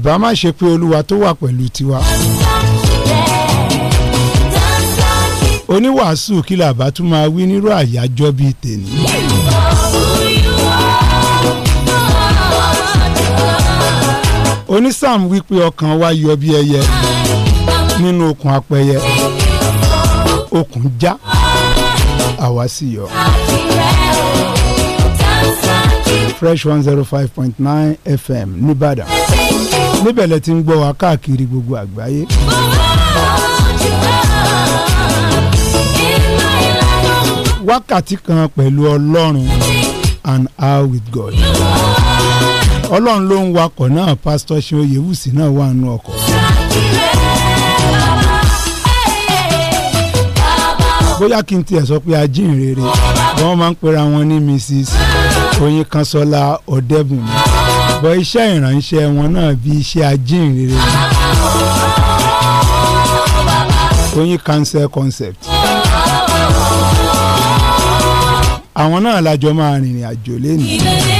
ìbá má ṣe pé olúwa tó wà pẹ̀lú tiwa. oníwàásù kí bá tún máa wí nírú àyájọ́ bíi tèmi. onísáàmù wípé ọkàn wa yọ bí ẹyẹ nínú okùn apẹyẹ okùn já àwa sì yọ. fresh one zero five point nine fm nìbàdàn níbẹ̀ lẹ ti ń gbọ́ wa káàkiri gbogbo àgbáyé. wákàtí kan pẹ̀lú ọlọ́run an hour with God. ọlọ́run ló ń wakọ̀ náà pásítọ̀ ṣe oyèwùsì náà wà nù ọkọ̀. bóyá kí n tiẹ̀ sọ pé ajínrere wọ́n máa ń pera wọn ní Mrs. Oyinkanṣọ́lá Ọ̀dẹ́bùnmi bọ́ iṣẹ́ ìrànṣẹ́ wọn náà bí iṣẹ́ ajínrere oyin cancer concept àwọn náà lájọ máa rìnrìn àjò lénìí.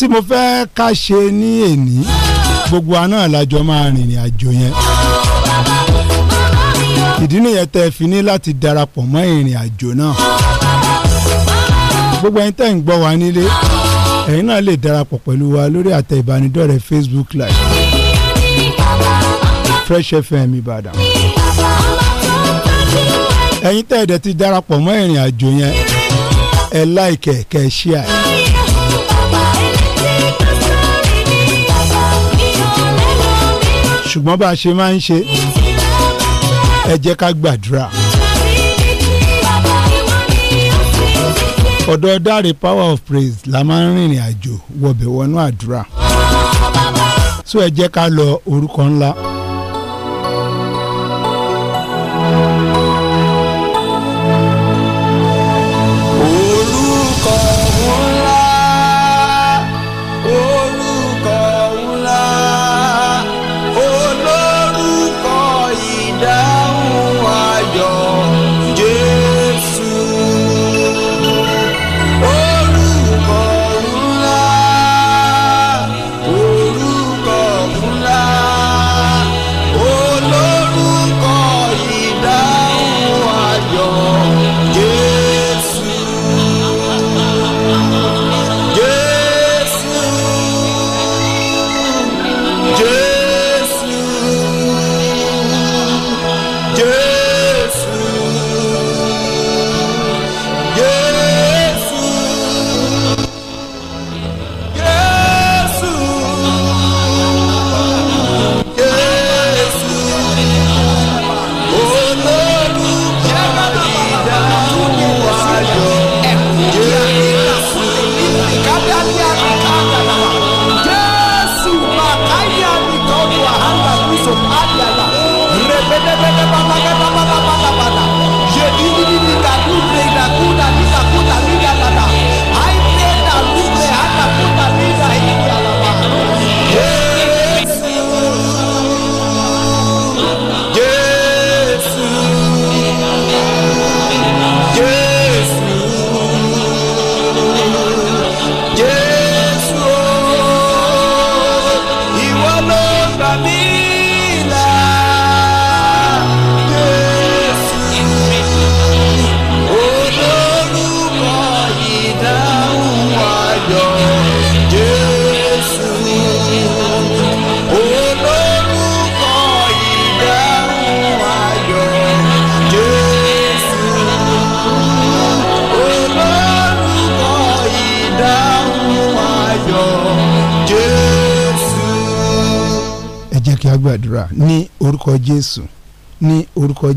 tí mo fẹ́ ká ṣe ní èní gbogbo wa náà máa rìnrìn àjò yẹn ìdí nìyẹn tẹ́ fi ní láti darapọ̀ mọ́ ìrìn àjò náà gbogbo ẹni tẹ́ ń gbọ́ wa nílé ẹ̀yin náà lè darapọ̀ pẹ̀lú wa lórí àtẹ ìbánidọ́rẹ̀ẹ́ Facebook Live Fresh FM Ìbàdàn ẹ̀yin tẹ́ ẹ̀dẹ̀ ti darapọ̀ mọ́ ìrìn àjò yẹn ẹ̀ láìkẹ̀ kẹ̀ ṣíà yìí. ṣùgbọ́n bá a ṣe máa ń ṣe ẹ jẹ́ ká gbàdúrà. ọ̀dọ̀ dáre power of praise la máa ń rìnrìn àjò wọbẹ̀ wọnú àdúrà. so ẹ jẹ́ ká lọ orúkọ ńlá.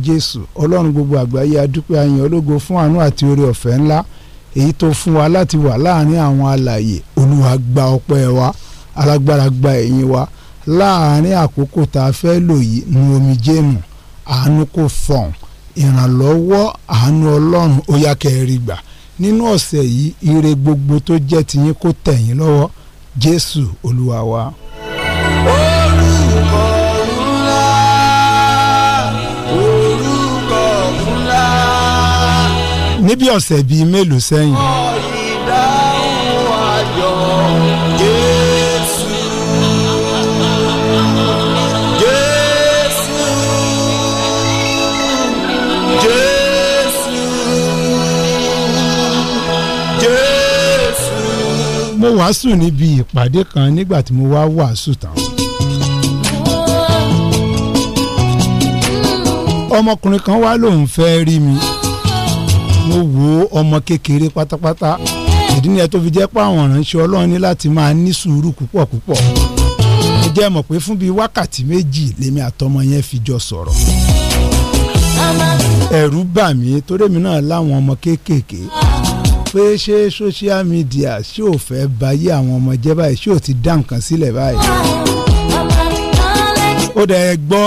jésù ọlọ́run gbogbo àgbáyé adúpẹ́ àyìn ológo fún àánú àti oore ọ̀fẹ́ ńlá èyí tó fún wa láti wà láàrin àwọn alààyè olúwa gba ọpẹ́ wa alágbára gba ẹ̀yìn wa láàrin àkókò tá a fẹ́ lò yìí nu omijé nù àánú kò fọ̀n ìrànlọ́wọ́ àánú ọlọ́run ó yá kẹrin gbà nínú ọ̀sẹ̀ yìí ire gbogbo tó jẹ́ tiyín kó tẹ̀yìn lọ́wọ́ jésù olúwa wa. olùkọ́. níbi ọ̀sẹ̀ bíi mélòó sẹ́yìn. ìdáhùn ayọ̀ Jésù mo wàásù níbi ìpàdé kan nígbà tí mo wá wàásù tán. ọmọkùnrin kan wá lòun fẹ́ rí mi mo wo ọmọ kékeré pátápátá ìdí nìyẹn tó fi jẹ́ pé àwọn ìránṣẹ́ ọlọ́run ní láti máa ní sùúrù púpọ̀ púpọ̀ mo jẹ́ mọ̀ pé fún bíi wákàtí méjì lèmi àtọmọ yẹn fi jọ sọ̀rọ̀ ẹ̀rù bà mí torí mi náà láwọn ọmọ kéékèèké pé ṣé social media ṣé ò fẹ́ bayé àwọn ọmọ jẹ́ báyìí ṣé ò ti dá nǹkan sílẹ̀ báyìí ó dẹ̀ gbọ́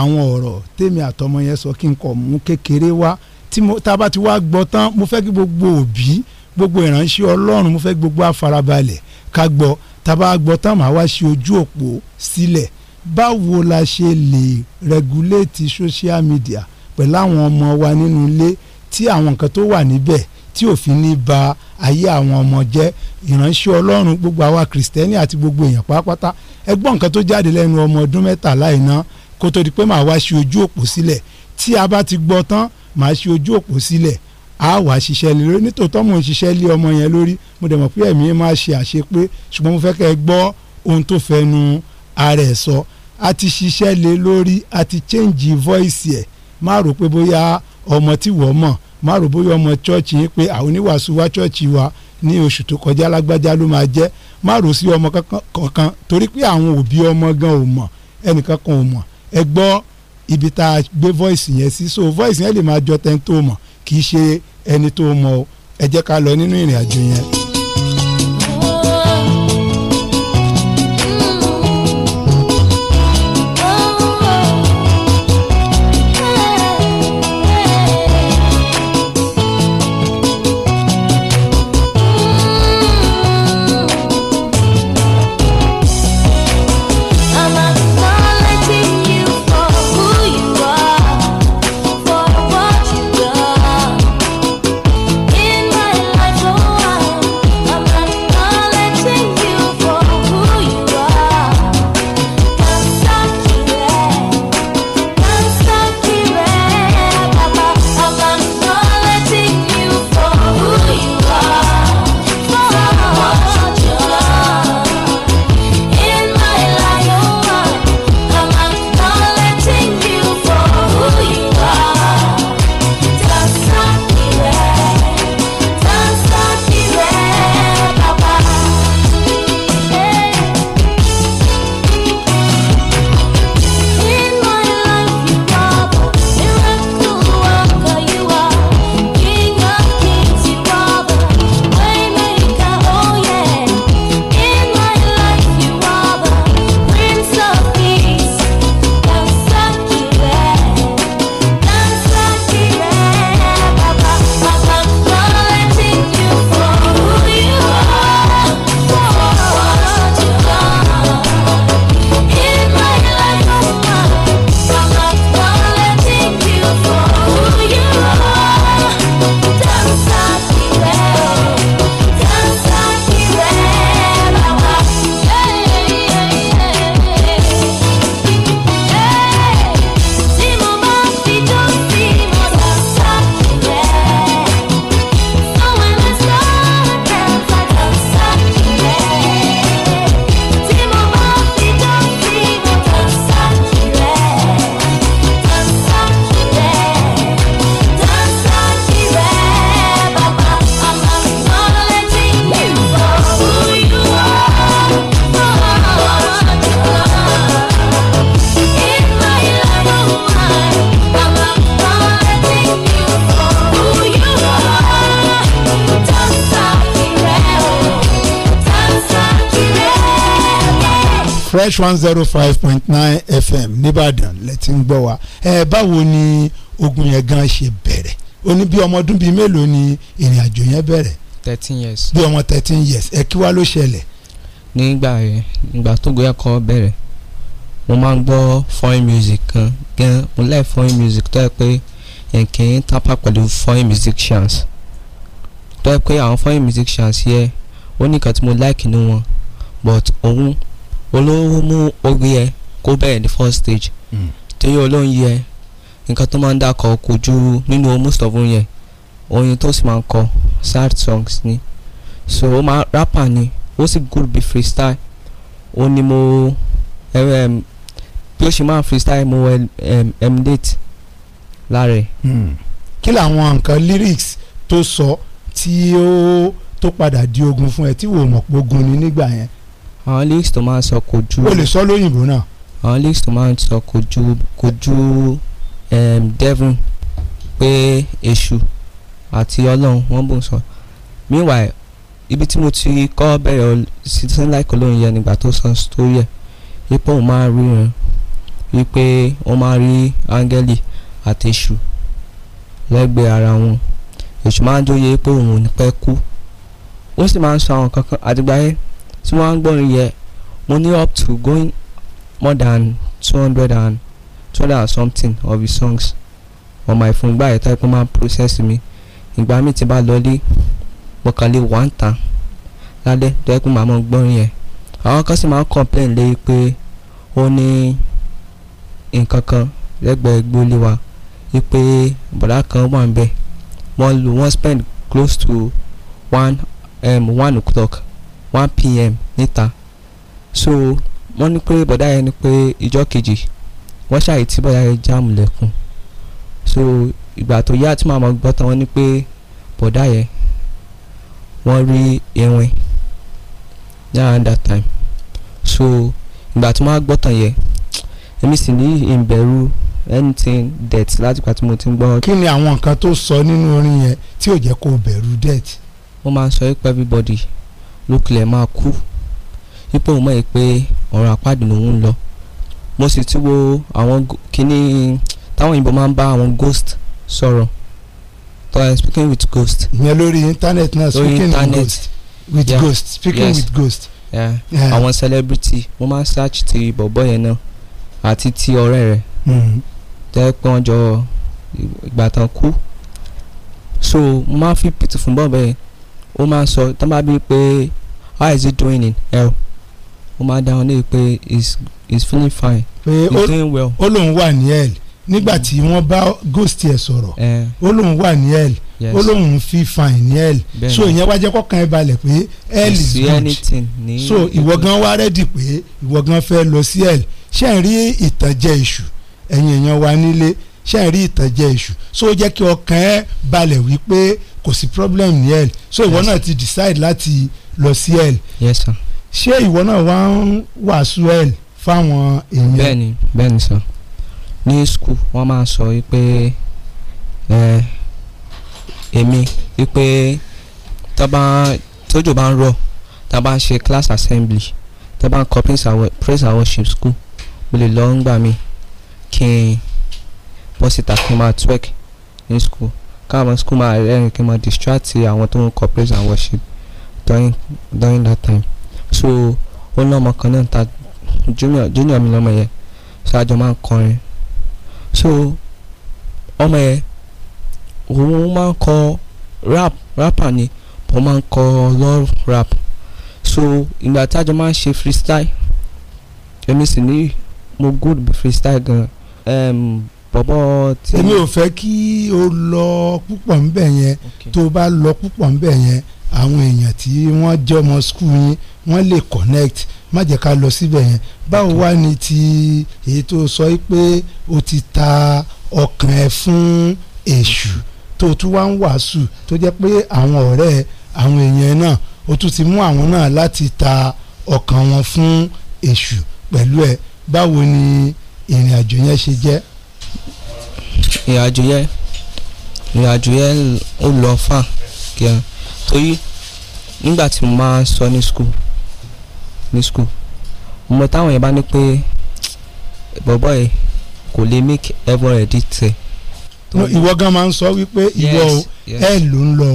àwọn ọ̀rọ̀ tèmi àtọmọ yẹn sọ kí n kọ̀ mú kékeré wá tí tá a bá ti wá gbọ́ tán mo fẹ́ kí gbogbo òbí gbogbo ìránṣẹ́ ọlọ́run mo fẹ́ gbogbo àfarabalẹ̀ ká gbọ́ tá a bá gbọ́ tán màá wá ṣe ojú òpó sílẹ̀ báwo la ṣe lè rẹguléètì social media pẹ̀lú àwọn ọmọ wa nínú ilé tí àwọn nǹkan tó wà níbẹ̀ tí òfin ní ba ayé àwọn ọmọ jẹ́ ìránṣẹ́ ọlọ́run gbogbo àwa kìrìsìtẹ́nì àti gbogbo èèyàn pátápátá ẹ gbọ́ nǹkan tó jáde lẹ́nu ọmọ ọdún mẹ́tàlá iná kó tó di pé màá wá ṣe ojú òpó sílẹ̀ tí a bá ti gbọ́ tán màá ṣe ojú òpó sílẹ̀ a wàá ṣiṣẹ́ lé lórí nítòótọ́ mò ń ṣiṣẹ́ lé ọmọ yẹn lórí mo dẹ̀ mọ̀ pé ẹ̀mí máa ṣe àṣepé ṣùgbọ́n mo fẹ́ kẹ́ ẹ gbọ́ ohun tó fẹnu ara ẹ̀ sọ a ti ṣiṣẹ́ lé lórí a ti change voice ẹ̀ má rò pé bóyá ọmọ tí wọ́n mọ̀ má rò bóyá ọmọ chọ́ọ̀chì yín pé àwọn oníwàásù wa chọ́ọ̀chì wa ní oṣù tó kọjá lágbájá ló máa jẹ́ má rò sí ọmọ kankan torí pé àwọn òbí ọmọ gan ò mọ̀ ẹnìkan ò mọ̀ ẹ gbọ́ ibi tá a gbé voice yẹn sí so voice yẹn lè máa jọ tẹ́ni tó mọ̀ kì í ṣe ẹni tó mọ̀ ẹ jẹ́ ká lọ nínú ìrìn àjò yẹn. fresh one zero oh five point nine fm nìbàdàn lẹ́tí ń gbọ́ wa ẹ báwo ni ogun yẹn gan ṣe bẹ̀rẹ̀ o ní bí ọmọ ọdún bíi mélòó ni ìrìn àjò yẹn bẹ̀rẹ̀. thirteen years. bí ọmọ thirteen years ẹ kí wá ló ṣẹlẹ̀. nígbà yẹn ìgbà tó gbé ẹ̀kọ́ bẹ̀rẹ̀ mo máa ń gbọ́ foreign music kan gan mo like foreign music tó yẹ pé yẹn kì í tápá pẹ̀lú foreign musicians tó yẹ pé àwọn foreign musicians yẹ ó ní nǹkan tí mo like nínú wọn but òun olówó mú orí ẹ kó bẹ̀rẹ̀ ní first stage hmm. torí olóyin yẹ nǹkan tó máa ń dákọ̀ kò ju nínú most of yẹn oyin tó sì máa ń kọ sad songs ni so ó máa rapper ni ó sì good be freestyle ó ní mo eh, bí ó ṣe máa freestyle mo emulate lára ẹ̀. Hmm. kí làwọn nǹkan lyrics tó sọ tí ó tó padà di ogun fún ẹ tí wò mọ̀ pé ogun ni nígbà yẹn àwọn lyrics tó máa ń sọ kò ju. o lè sọ lóyìnbó náà. àwọn lyrics tó máa ń sọ kò ju um, devil pé èṣù àti ọlọ́run wọ́n bò ń sọ meanwhile ibi tí mo ti kọ́ bẹ̀rẹ̀ citizen like olóyin yẹn nígbà tó sọ story ẹ̀ wípé òun máa rí wọn wípé wọ́n máa rí áńgẹ́lì àti èṣù lẹ́gbẹ̀ẹ́ ara wọn èṣù máa ń jóye pé òun ò ní pẹ́ kú ó sì máa ń sọ àwọn kankan àdìgbà yẹn tí going á money up to going more than 200 and something of his songs on my phone By the ipò máa process me, in by me bá lọlé mọ̀kànlé wà ń tàn lálẹ́ tó ẹ́ pé màá mọ̀ gbọ́rin yẹn àwọn kan sì máa ń complain lé pé ó ní nǹkan kan lẹ́gbẹ̀ẹ́ gbólé wa wípé bọ̀dá kan si maa n complain They pay o in nnkan kan legbee gbole wa pay boda kan wa n be one spend close to one um, one o'clock one pm níta so wọ́n ní pé bọ̀dá yẹn ní pé ìjọ́ kejì wọ́n ṣàyè tí bọ̀dá yẹn jáàmù lẹ́kùn so ìgbà tó yá tí màmá gbọ́ tán wọ́n ní pé bọ̀dá yẹn wọ́n rí irin around that time so ìgbà tí wọ́n á gbọ́ tán yẹn èmi sì ní ìbẹ̀rù anything death láti ìgbà tí mo ti ń gbọ́. kí ni àwọn nǹkan tó sọ nínú orin yẹn tí ò jẹ́ kó o bẹ̀rù death. wọ́n máa ń sọ pé everybody lókìlẹ̀ máa kú wípé òun mọ̀ pé ọ̀rọ̀ àpáàdì lòun ń lọ mo sì ti wo àwọn kíní táwọn òyìnbó máa ń bá àwọn ghost sọ̀rọ̀ so i am speaking with ghost. ìyẹn lórí internet náà speaking with ghost with yeah. ghost speaking yes. with ghost. Yeah. Yeah. àwọn celebrity mo máa ń search ti bọ̀bọ̀ yẹn náà àti ti ọ̀rẹ́ rẹ̀ hmm. jẹ́ pé wọ́n jọ ìgbà tán kú so mo máa ń fi pìtì fún bọ́ọ̀bẹ yẹn ó máa sọ tán bá bí pé how is he doing in hell ó máa dáhùn ní pé he's he's feeling fine hey, he's doing well. ó lóun wà ní hell nígbà mm. tí wọ́n bá ghost ẹ̀ sọ̀rọ̀ eh. ó lóun wà ní hell ó lóun fi fine ní hell so ìyẹn wá jẹ́ kọ́kàn ẹ̀ balẹ̀ pé hell is good so ìwọ gan wá rẹ́dì pé ìwọ gan fẹ́ lọ sí hell ṣé ẹ̀ rí ìtànjẹ èṣù ẹ̀yin èèyàn wa nílé ṣé ẹ̀ rí ìtànjẹ èṣù so ó jẹ́ kí ọkàn ẹ̀ balẹ̀ wípé kò sí problem ní hell so ìwọ náà ti decide láti lọ sí ẹ̀l. yes sir. ṣé ìwọ náà wá ń wàásù ẹ̀l fáwọn èèyàn. bẹ́ẹ̀ni bẹ́ẹ̀ni sọ ní school wọn máa sọ wípé èmi wípé tójò bá ń rọ̀ tá a bá ń ṣe class assembly tá a bá ń kọ praise and worship school mo lè lọ ń gbà mí kí n bọ́ síta kí n máa twerk ní school káwọn school máa rẹ́rìn kí n máa distract àwọn tó ń kọ praise and worship during during that time so ó ní ọmọ kan náà ta junior junior mi lọ́mọ yẹn so àjọ máa ń kọrin so ọmọ yẹn òun máa ń kọ rap rapper ni mo máa ń kọ love rap so ìgbà tájọ máa ń ṣe freestyle èmi sì ní mo good freestyle gan um, bọ́bọ́ tí. èmi ò fẹ́ kí o lọ púpọ̀ ńbẹ̀ yẹn tó o bá lọ púpọ̀ ńbẹ̀ yẹn àwọn èèyàn tí wọ́n jẹ́ ọmọ skul yín wọ́n lè connect má jẹ́ ká lọ síbẹ̀ yẹn báwo wá ni ti èyí tó sọ pé o ti ta ọkàn ẹ fún èṣù tó tún wá ń wàásù tó jẹ́ pé àwọn ọ̀rẹ́ àwọn èèyàn náà o tún ti mú àwọn náà láti ta ọkàn wọn fún èṣù pẹ̀lú ẹ báwo ni ìrìn àjò yẹn ṣe jẹ́. ìrìn àjò yẹn ìrìn àjò yẹn ó lọ fà kíá torí nígbà tí mo máa ń sọ ní school ní school mo táwọn yẹn bá ní pé bọ̀bọ̀ yìí kò lè make everybody tẹ̀. no ìwọ gan máa ń sọ wípé ìwọ o ẹ ló ń lọ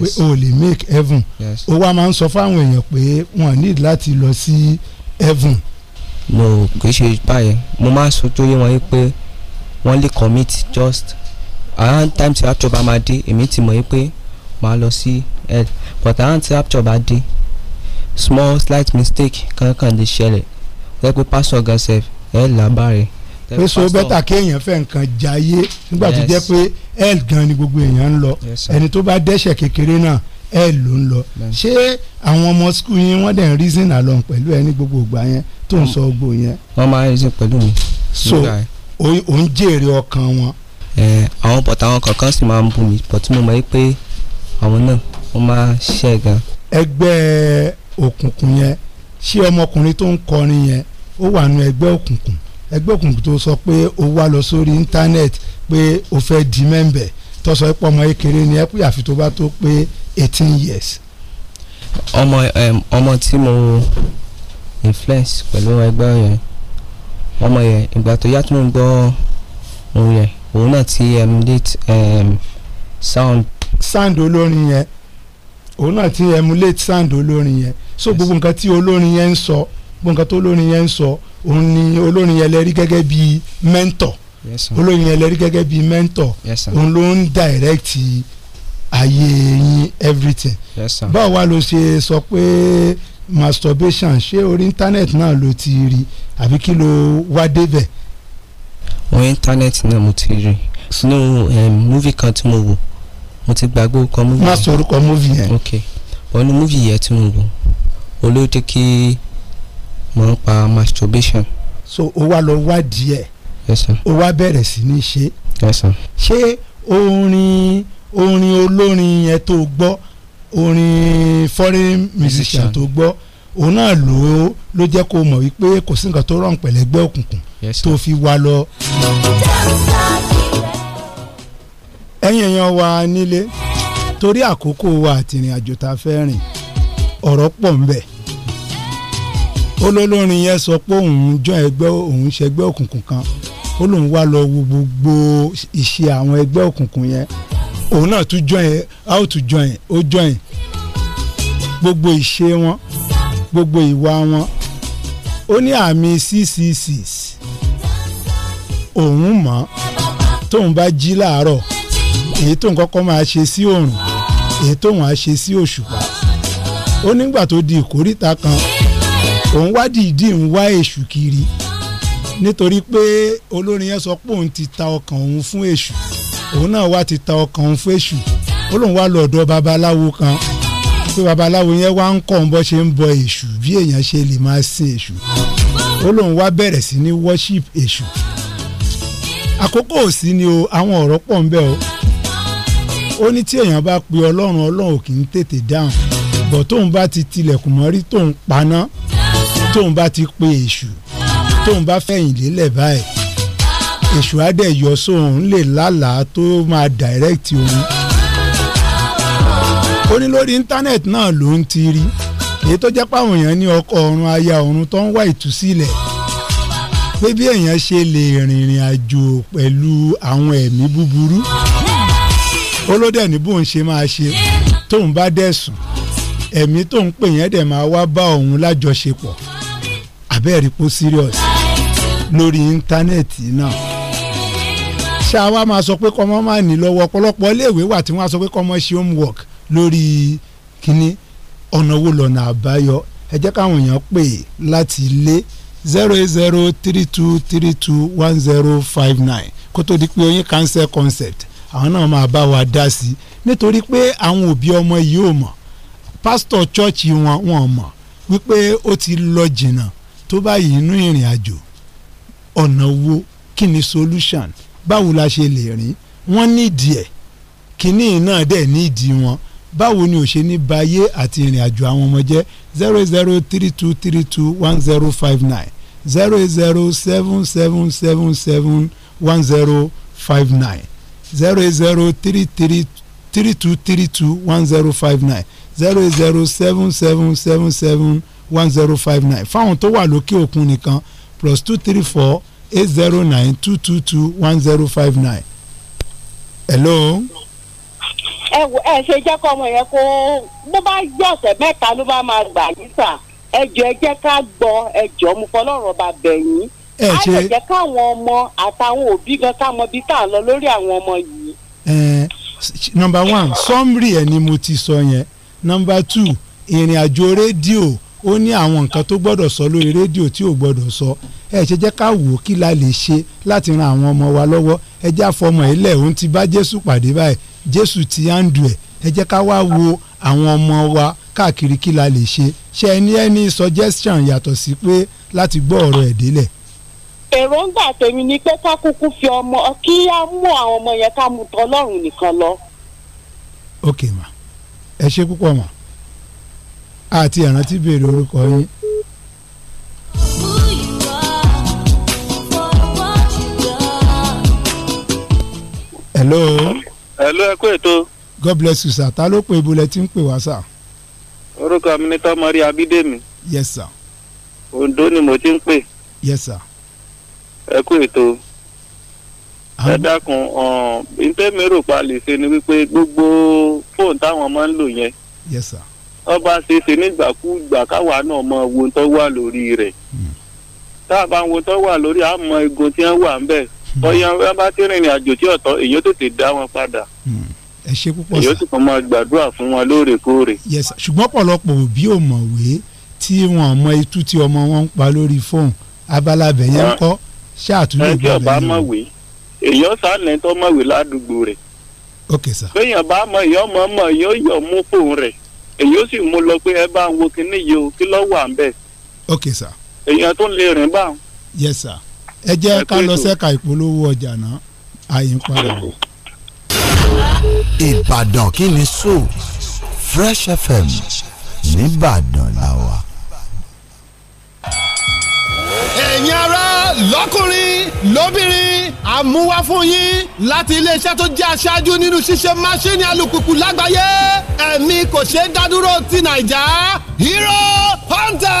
pé o lè make heaven o wa máa ń sọ fáwọn èèyàn pé wọn need láti lọ sí heaven. no kì í ṣe báyẹn mo máa ń sojú yé wọn yìí pé wọ́n lè commit just around time tí àtúbà máa dé èmi ti mọ̀ yìí pé màá lọ sí. Si head but I tí rapture bá dé small slight mistake kankan lè ṣẹlẹ̀ lẹ́pẹ́ pastor gasef ẹ̀ làbàrẹ̀. pé so bẹ́tà kéèyàn fẹ́ nǹkan jayé nígbà tó jẹ́ pé ẹ̀ gan ni gbogbo èèyàn ń lọ ẹni tó bá dẹ́ṣẹ̀ kékeré náà ẹ ló ń lọ ṣé àwọn ọmọ skul yín wọ́n dẹ̀ ń reason along pẹ̀lú ẹ ní gbogbo ìgbà yẹn tó ń sọ gbò yẹn. wọ́n máa ń reason pẹ̀lú mi. so ò ń jèrè ọkàn wọn. ẹ àwọn bọ̀tà àwọn kankan sì máa ń bù mí bọ̀tú mo mọ̀ pé àwọn náà ó máa ń ṣiṣẹ́ gan. ẹgbẹ́ òkùnkùn yẹn ṣé ọmọkùnrin tó ń kọrin yẹn ó wà nínú ẹgbẹ́ òkùnkùn ẹgbẹ́ òkùnkùn tó sọ pé ó wá lọ sórí íńtánẹ́ẹ̀tì pé ó fẹ́ di mẹ́mbẹ̀ tó sọ pé ọmọ kékeré ni ẹ pé àfi tó bá tó pé eighteen years. ọmọ ọmọ tí mo influence pẹ̀lú ẹgbẹ́ yẹn ọmọ yẹn ìgbà tó yá tó ń gbọ́ òun yẹn òun náà ti um, date um, sound. sound olórin yẹn òun náà ti emulate sound olórin yẹn so gbogbo nǹkan tí olórin yẹn ń sọ gbogbo nǹkan tó olórin yẹn ń sọ òun ni olórin yẹn lẹ́rí gẹ́gẹ́ bí mentor olórin yẹn lẹ́rí gẹ́gẹ́ bí mentor òun ló ń direct ayé yín everything báwo wá ló ṣe sọ pé masturbation ṣé orí íńtánẹ́ẹ̀tì náà ló ti rí àbí kí ló wá débẹ̀. orí íńtánẹ́ẹ̀tì náà mo ti rí sínú um, múfì kan tí mo wò mo ti gbàgbé orúkọ múvì. má sọ orúkọ múvì yẹn. ok wọn ní múvì yẹn tí mo wò olóde kí mo ń pa masturbation. so o wa lọ wádìí ẹ. yes sir. o wa bẹ̀rẹ̀ sí ní ṣe. yes sir. ṣé orin orin olórin yẹn tó gbọ́ orin foreign musician tó gbọ́ òun náà ló ló jẹ́ kó mọ̀ wípé kò sí nǹkan tó rọrùn pẹ̀lẹ́gbẹ́ òkùnkùn tó fi wá lọ ẹ̀yin èèyàn wa nílé torí àkókò wa àti ìrìn àjò tá a fẹ́ rìn ọ̀rọ̀ pọ̀ ń bẹ olólórin yẹn sọ pé òun jọ ẹgbẹ́ òun ṣẹgbẹ́ òkùnkùn kan ó lóun wá lọ wo gbogbo iṣẹ́ àwọn ẹgbẹ́ òkùnkùn yẹn òun náà tún join a ó tún join ó join gbogbo ìṣe wọn gbogbo ìwà wọn ó ní àmì ccc òun mọ̀ tóun bá jí láàárọ̀ èyí tó nǹkan kan máa ṣe sí òrùn èyí tó wọn á ṣe sí òṣùpá ó nígbà tó di ìkóríta kan òun wá dìídì ń wá èṣù kiri nítorí pé olórin yẹn sọ pé òun ti ta ọkàn òun fún èṣù òun náà wá ti ta ọkàn òun fún èṣù ó lóun wá lọ́dọ̀ babaláwo kan pé babaláwo yẹn wá ń kọ́ ń bọ́ ṣe ń bọ èṣù bí èèyàn ṣe lè máa sin èṣù ó lóun wá bẹ̀rẹ̀ sí ní worship èṣù àkókò sí ni o àwọn ọ̀rọ̀ pọ̀ ń bẹ o ó ní tí èèyàn bá pe ọlọ́run ọlọ́run ò kì tètè dáhùn bọ̀ tóun bá ti tilẹ̀kùn mọ́rí tóun paná tóun bá ti pe èṣù tóun bá fẹ̀yìn lélẹ̀ báyìí èṣù adé yọ sóun lè lálàá tó máa direct òun ó ní lórí íńtánẹ́ẹ̀tì náà ló ń ti rí èyí tó jẹ́ páwọn èèyàn ní ọkọ ọ̀run aya ọ̀run tó ń wá ìtúsílẹ̀ pé bí èèyàn ṣe lè rìnrìn àjò pẹ̀lú àwọn ẹ̀mí búburú olódẹ̀ ní bóun ṣe máa ṣe tóun bá dẹ̀ sùn ẹ̀mí tóun pè yẹn dẹ̀ máa wá bá òun lájọṣepọ̀ abẹ́ẹ̀rí pó serious lórí íńtánẹ́ẹ̀tì náà ṣá wa máa sọ pé kọ́mọ máa ní lọ́wọ́ ọ̀pọ̀lọpọ̀ iléèwé wà tí wọ́n á sọ pé kọ́mọ ṣe homework lórí kínní ọ̀nà wo lọ́nà àbáyọ ẹ jẹ́ káwọn èèyàn pè láti ilé zero eight zero three two three two one zero five nine kó tó di pé oyin cancel concept àwọn náà máa bá wa dá sí i nítorí pé àwọn òbí ọmọ yìí ò mọ̀ pásítọ̀ chọ́ọ̀chì wọn wọn mọ̀ wípé ó ti lọ jìnnà tó báyìí inú ìrìn àjò ọ̀nà wo kí ni solution báwo la ṣe lè rìn wọ́n nídìí ẹ̀ kínní náà dẹ̀ nídìí wọn báwo ni ò ṣe ní bayé àti ìrìn àjò àwọn ọmọ jẹ́ zero zero three two three two one zero five nine zero zero seven seven seven seven one zero five nine zero eight zero three three three two three two one zero five nine zero eight zero seven seven seven seven one zero five nine fáwọn tó wà lókè òkun nìkan plus two three four eight zero nine two two two one zero five nine. hello. ẹ wo ẹ ṣe jẹ́ kọ́ ọmọ yẹn kó bó bá jẹ́ ọ̀sẹ̀ mẹ́ta ló bá máa gbà yín sà ẹ jọ ẹ jẹ́ ká gbọ́ ẹ jọ mo fọlọ́rọ̀ bá bẹ̀ yín ẹ ṣe àjẹjẹ káwọn ọmọ àtàwọn òbí gan ká bí tá a lọ lórí àwọn ọmọ yìí. nọmba one sọmrì ẹ ni mo ti sọ yẹn nọmba two ìrìn àjò rédíò ó ní àwọn nǹkan tó gbọ́dọ̀ sọ lórí rédíò tí ò gbọ́dọ̀ sọ ẹ ṣe jẹ́ ká wò ó kí la lè ṣe láti ran àwọn ọmọ wa lọ́wọ́ ẹ jẹ́ àfọmọ́ ilẹ̀ òun ti bá Jésù pàdé báyìí Jésù ti àǹdù ẹ̀ ẹ jẹ́ ká wá wo àwọn ọmọ wa káàkiri kí la lè ṣe ṣe ẹ ní suggestion yàtọ̀ sí pé láti gbọ́ ọ̀rọ̀ ẹ̀ délẹ̀ èròǹgbà tèmi ni pé ká kúkú fi ọmọ kí á mú àwọn ọmọ yẹn ká mú tọlọ́run nìkan lọ. ok ma ẹ ṣe púpọ̀ mọ́ àti ìrántí béèrè orúkọ yín. hello. hello ẹ kú ètò. god bless you sir ta ló pe ibùdó tí ń pè wá sir. orúkọ mi ni tọmọrí abídèmí. yes sir. Oǹdó ni mo ti ń pè. yes sir ẹ kú ètò ẹ dákun um, ntẹ́mi rò pa lè ṣe ni wípé gbogbo fóònù táwọn máa ń lò yẹn yes sir wọ́n bá ṣe ṣe nígbàkúgbà káwa náà mọ wo tó wà lórí rẹ̀ hmm. tá a bá wo tó wà lórí àmọ́ igun tí wọ́n wà ń bẹ̀ hmm. bóyá wọ́n bá ti rìnrìn àjò tí ọ̀tọ̀ èyí ó tètè dá wọn padà hmm. ẹ ṣe púpọ̀ sá èyí ó sì kàn máa gbàdúrà fún wọn lóòrèkóòrè. yes sir ṣùgbọ́n ọ̀pọ̀lọpọ̀ òbí ò mọ̀wé tí wọn mọ itú tí ọmọ wọn ń pa lórí fóònù abala bẹ̀yẹn ń kọ́ ṣé àtúnyẹ̀wò lẹ́yìn ẹjọ́ bá mọ̀wé èèyàn sànẹ́ tó mọ̀wé ládùúgbò rẹ̀ ok sir. béèyàn bá mọ èèyàn mọ̀ mọ̀ yóò yọ̀ mú fóun rẹ̀ èèyàn sì mú lọ pé ẹ bá ń wo kinní yìí o kí ló wà ń bẹ̀. ok sir. èèyàn tó lè rìn báwọn. yes sir ẹ jẹ́ ká lọ sẹ́ka ìpolówó ọjà náà àyè ń padà bọ̀. Ìbàdàn kí ni so Fresh FM nìbàdàn làwà. lọ́kùnrin lóbìnrin àmúwá fún yín láti iléeṣẹ́ tó jẹ́ aṣáájú nínú ṣíṣe máṣíìnì alùpùpù lágbàáyé ẹ̀mí kò ṣeé dádúró ti nàìjà Hero Hunter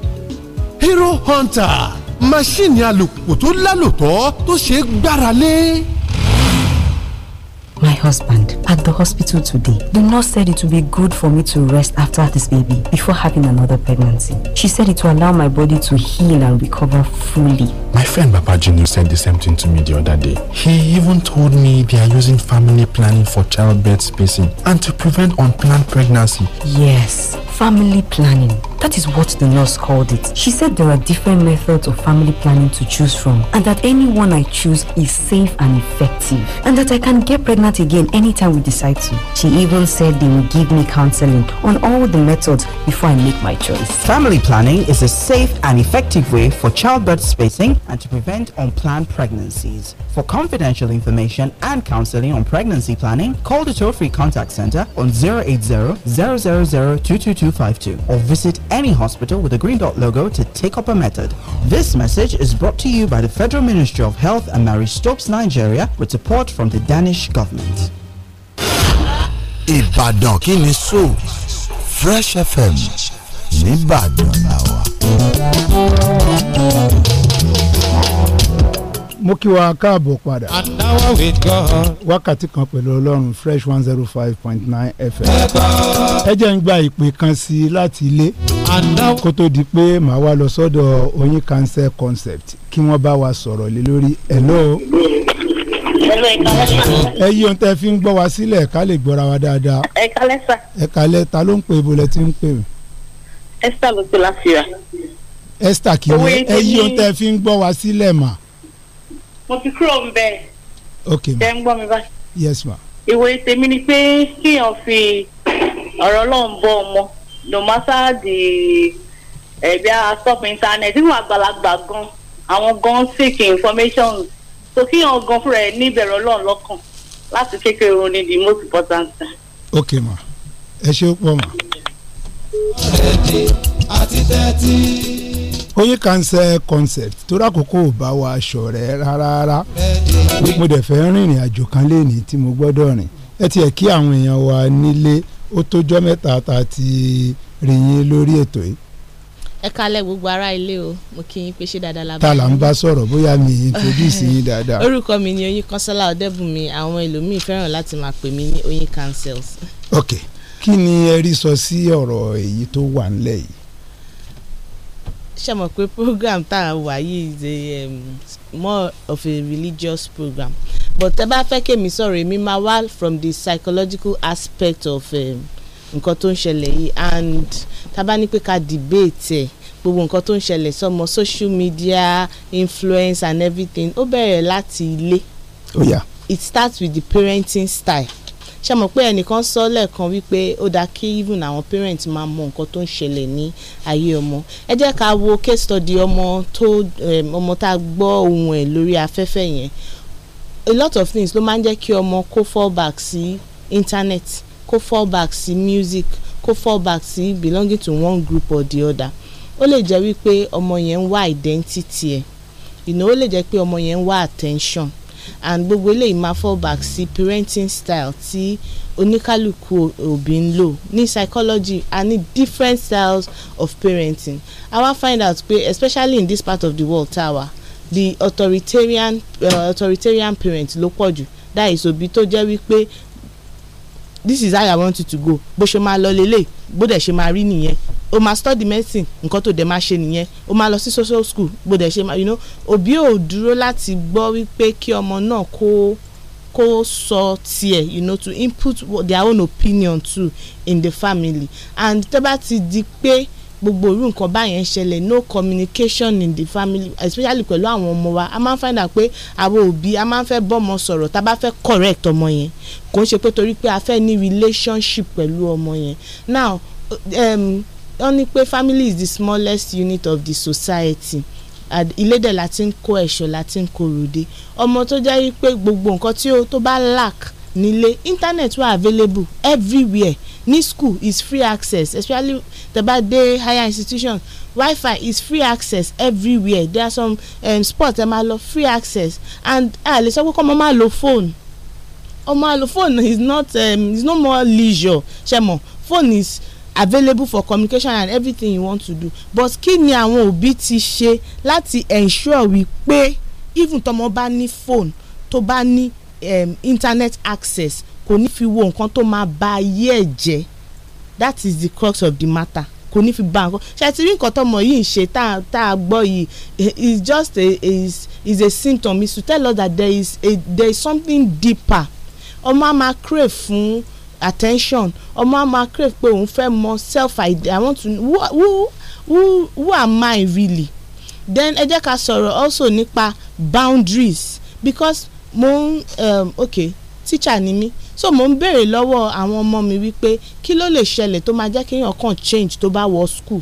Hero Hunter máṣíìnì alùpùpù tó lálòtọ́ tó My husband at the hospital today. The nurse said it would be good for me to rest after this baby before having another pregnancy. She said it will allow my body to heal and recover fully. My friend Papa Junior said the same thing to me the other day. He even told me they are using family planning for childbirth spacing and to prevent unplanned pregnancy. Yes, family planning. That is what the nurse called it. She said there are different methods of family planning to choose from and that any one I choose is safe and effective and that I can get pregnant again anytime we decide to. She even said they will give me counseling on all the methods before I make my choice. Family planning is a safe and effective way for childbirth spacing and to prevent unplanned pregnancies. For confidential information and counseling on pregnancy planning, call the toll-free contact center on 080-000-22252 or visit any hospital with a green dot logo to take up a method. This message is brought to you by the Federal Ministry of Health and Mary Stopes Nigeria with support from the Danish government. Ìbàdàn kí ni so Fresh FM nìbàdàn làwà. mo kí wa káàbọ̀ padà. àdáwọ̀ with God. wákàtí kan pẹ̀lú ọlọ́run fresh one zero five point nine fm. ẹ jẹ́ ń gba ìpè kan sí i láti ilé. kó tó di pé màá wá lọ sọ́dọ̀ oyin cancer concept kí wọ́n bá wa sọ̀rọ̀ lé lórí hello. ẹ yí ohun tẹ́ fi ń gbọ́ wa sílẹ̀ ká lè gbọ́ra wa dáadáa. ẹ kalẹ́ sà. ẹ kalẹ́ ta ló ń pè ibo lẹ ti ń pè. Esther ló ti láfíà. Esther kìíní ẹ yí ohun tẹ́ fi ń gbọ́ wa sílẹ̀ mà mo ti kúrò ń bẹ̀. ok ma jẹ́ ń gbọ́ mi báyìí. yes ma. ìwé tèmi ni pé kíyàn fi ọ̀rọ̀ ọlọ́run bọ́ ọmọ no matter the ẹ̀bí a stop internet nínú àgbàlagbà gan àwọn gan seek information so kíyàn gan fúnra ẹ̀ níbẹ̀rẹ̀ ọlọ́run lọ́kàn láti kékeré òun ni the most important. ok ma ẹ ṣe é pọ̀ ma. àti tẹ́tí. Oye cancel concept torí àkókò ò bá wa ṣọ̀rẹ́ rárá mo dẹ̀ fẹ́ rìnrìn àjò kan léèní tí mo gbọ́dọ̀ rìn ẹ tiẹ̀ kí àwọn èèyàn wa nílé ó tójọ́ mẹ́ta ta ti rí yín lórí ètò yìí. ẹ kalẹ̀ gbogbo ará ilé o mo kí yín pé ṣé dáadáa la bá yín. ta bá sọ̀rọ̀ bóyá mi introduce yín dáadáa. orúkọ mi ni Oyin Kọ́sọ́lá Ọ̀dẹ́bùnmi àwọn ẹlòmíì fẹ́ràn láti máa pè mí ní Oyin cancels. ok kí ni ẹ rí sọ sí ọ̀rọ̀ èyí tó wà ńlẹ̀ yìí ṣe mọ̀ pé program tá a wà yìí is a um, more of a religious program but ẹ bá fẹ́ kémi sọ̀rọ̀ èmi máa wá from the psychological aspect of um, nǹkan tó ń ṣẹlẹ̀ yìí and tá bá ní pé ká debate ẹ̀ gbogbo nǹkan tó ń ṣẹlẹ̀ sọmọ social media influence and everything ó bẹ̀rẹ̀ láti ilé. Oh, yeah. it starts with the parenting style ṣe mọ̀ pé ẹnìkan sọ lẹ́ẹ̀kan wípé ó dáa kí even àwọn parents máa mọ nǹkan tó ń ṣẹlẹ̀ ní ayé ọmọ ẹ jẹ́ ká wo case study ọmọ tó ọmọ tá a gbọ́ ohùn ẹ̀ lórí afẹ́fẹ́ yẹn a lot of things ló máa ń jẹ́ kí ọmọ kó fall back sí internet kó fall back sí music kó fall back sí belonging to one group or the other ó lè jẹ́ wípé ọmọ yẹn ń wá identity ẹ̀ ìnáwó lè jẹ́ pé ọmọ yẹn ń wá attention and gbogbo eléyìí máa fall back sí parenting style tí oníkálukú òbí ń lò ní psychology i need different styles of parenting i wan find out pé especially in this part of the world tower the authoritarian uh, authoritarian parent ló pọ̀ jù that is òbí tó jẹ́ wípé this is how i want you to go bó ṣe máa lọ lélẹ̀ bó dẹ̀ ṣe máa rí nìyẹn o máa study medicine nǹkan tó dẹ̀ máa ṣe nìyẹn o máa lọ sí social school gbọ́dọ̀ ṣe máa you know òbí ò dúró láti gbọ́ wípé kí ọmọ náà ko ko sọ tiẹ̀ you know to input their own opinion too in the family and taba ti di pé gbogbo irú nǹkan báyẹn ṣẹlẹ̀ no communication in the family especially pẹ̀lú àwọn ọmọ wa a máa find out pé àwọn òbí a máa ń fẹ́ bọ́mọ sọ̀rọ̀ tá a bá fẹ́ correct ọmọ yẹn kò ń ṣe pe torí pé a fẹ́ ní relationship pẹ̀lú ọmọ yẹn now um, wọ́n ní pé family is the smallest unit of the society ilé dẹ̀ la ti ń kó ẹ̀ṣọ́ la ti ń kó ròde ọmọ tó jẹ́ wípé gbogbo nǹkan tí ó tó bá lack nílé internet wà available everywhere ní school is free access especially tẹ́ dé higher institution wifi is free access everywhere there are some um, sports ẹ máa lọ free access and a lè sọ pé kọ́ ọmọ máa lo phone ọmọ àlò phone is not um, is no more leisure ṣe mọ̀ phone is available for communication and everything you want to do but kí ni àwọn òbí ti ṣe láti ensure wípé even tọmọ bá ní phone tó bá ní internet access kò ní fi wo nǹkan tó máa ba ayé ẹ̀ jẹ́ that is the crux of the matter kò ní fi ba nǹkan ṣe ti rí nǹkan tọmọ yìí ń ṣe tá a gbọ́ yìí is just a is is a symptom It's to tell us that there is a there is something deeper ọmọ a máa crave fún. attention ọmọ á máa crave pé òun fẹ́ mọ self id i want to who who who, who am i really then ẹ jẹ́ ká sọ̀rọ̀ also nípa boundaries because mo ń um, okay teacher ni mí so mo ń béèrè lọ́wọ́ àwọn ọmọ mi wípé kí ló lè ṣẹlẹ̀ tó máa jẹ́ kéèyàn kàn change tó bá wọ school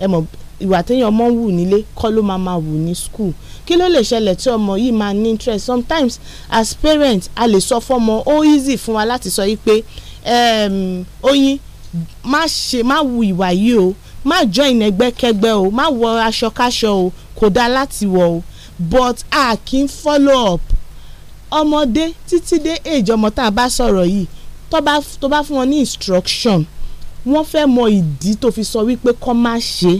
ẹ mọ̀ ìwà téèyàn ọmọ ń wù nílé kọ́ ló máa máa wù ní school kí ló lè ṣẹlẹ̀ tí ọmọ yìí máa ní interest sometimes as parents a lè sọ fọ́mọ ó easy fún wa láti sọ yìí pé Um, oyin má ṣe má wu ìwà yìí o má join ẹgbẹ́kẹ́gbẹ́ o má wọ aṣọ o kò dáa láti wọ̀ o but a kì í follow up ọmọdé títí dé èjì ọmọ tá a bá sọ̀rọ̀ yìí tó bá fún wọn ní instruction wọ́n fẹ́ mọ ìdí tó fi sọ wípé kọ́ má ṣe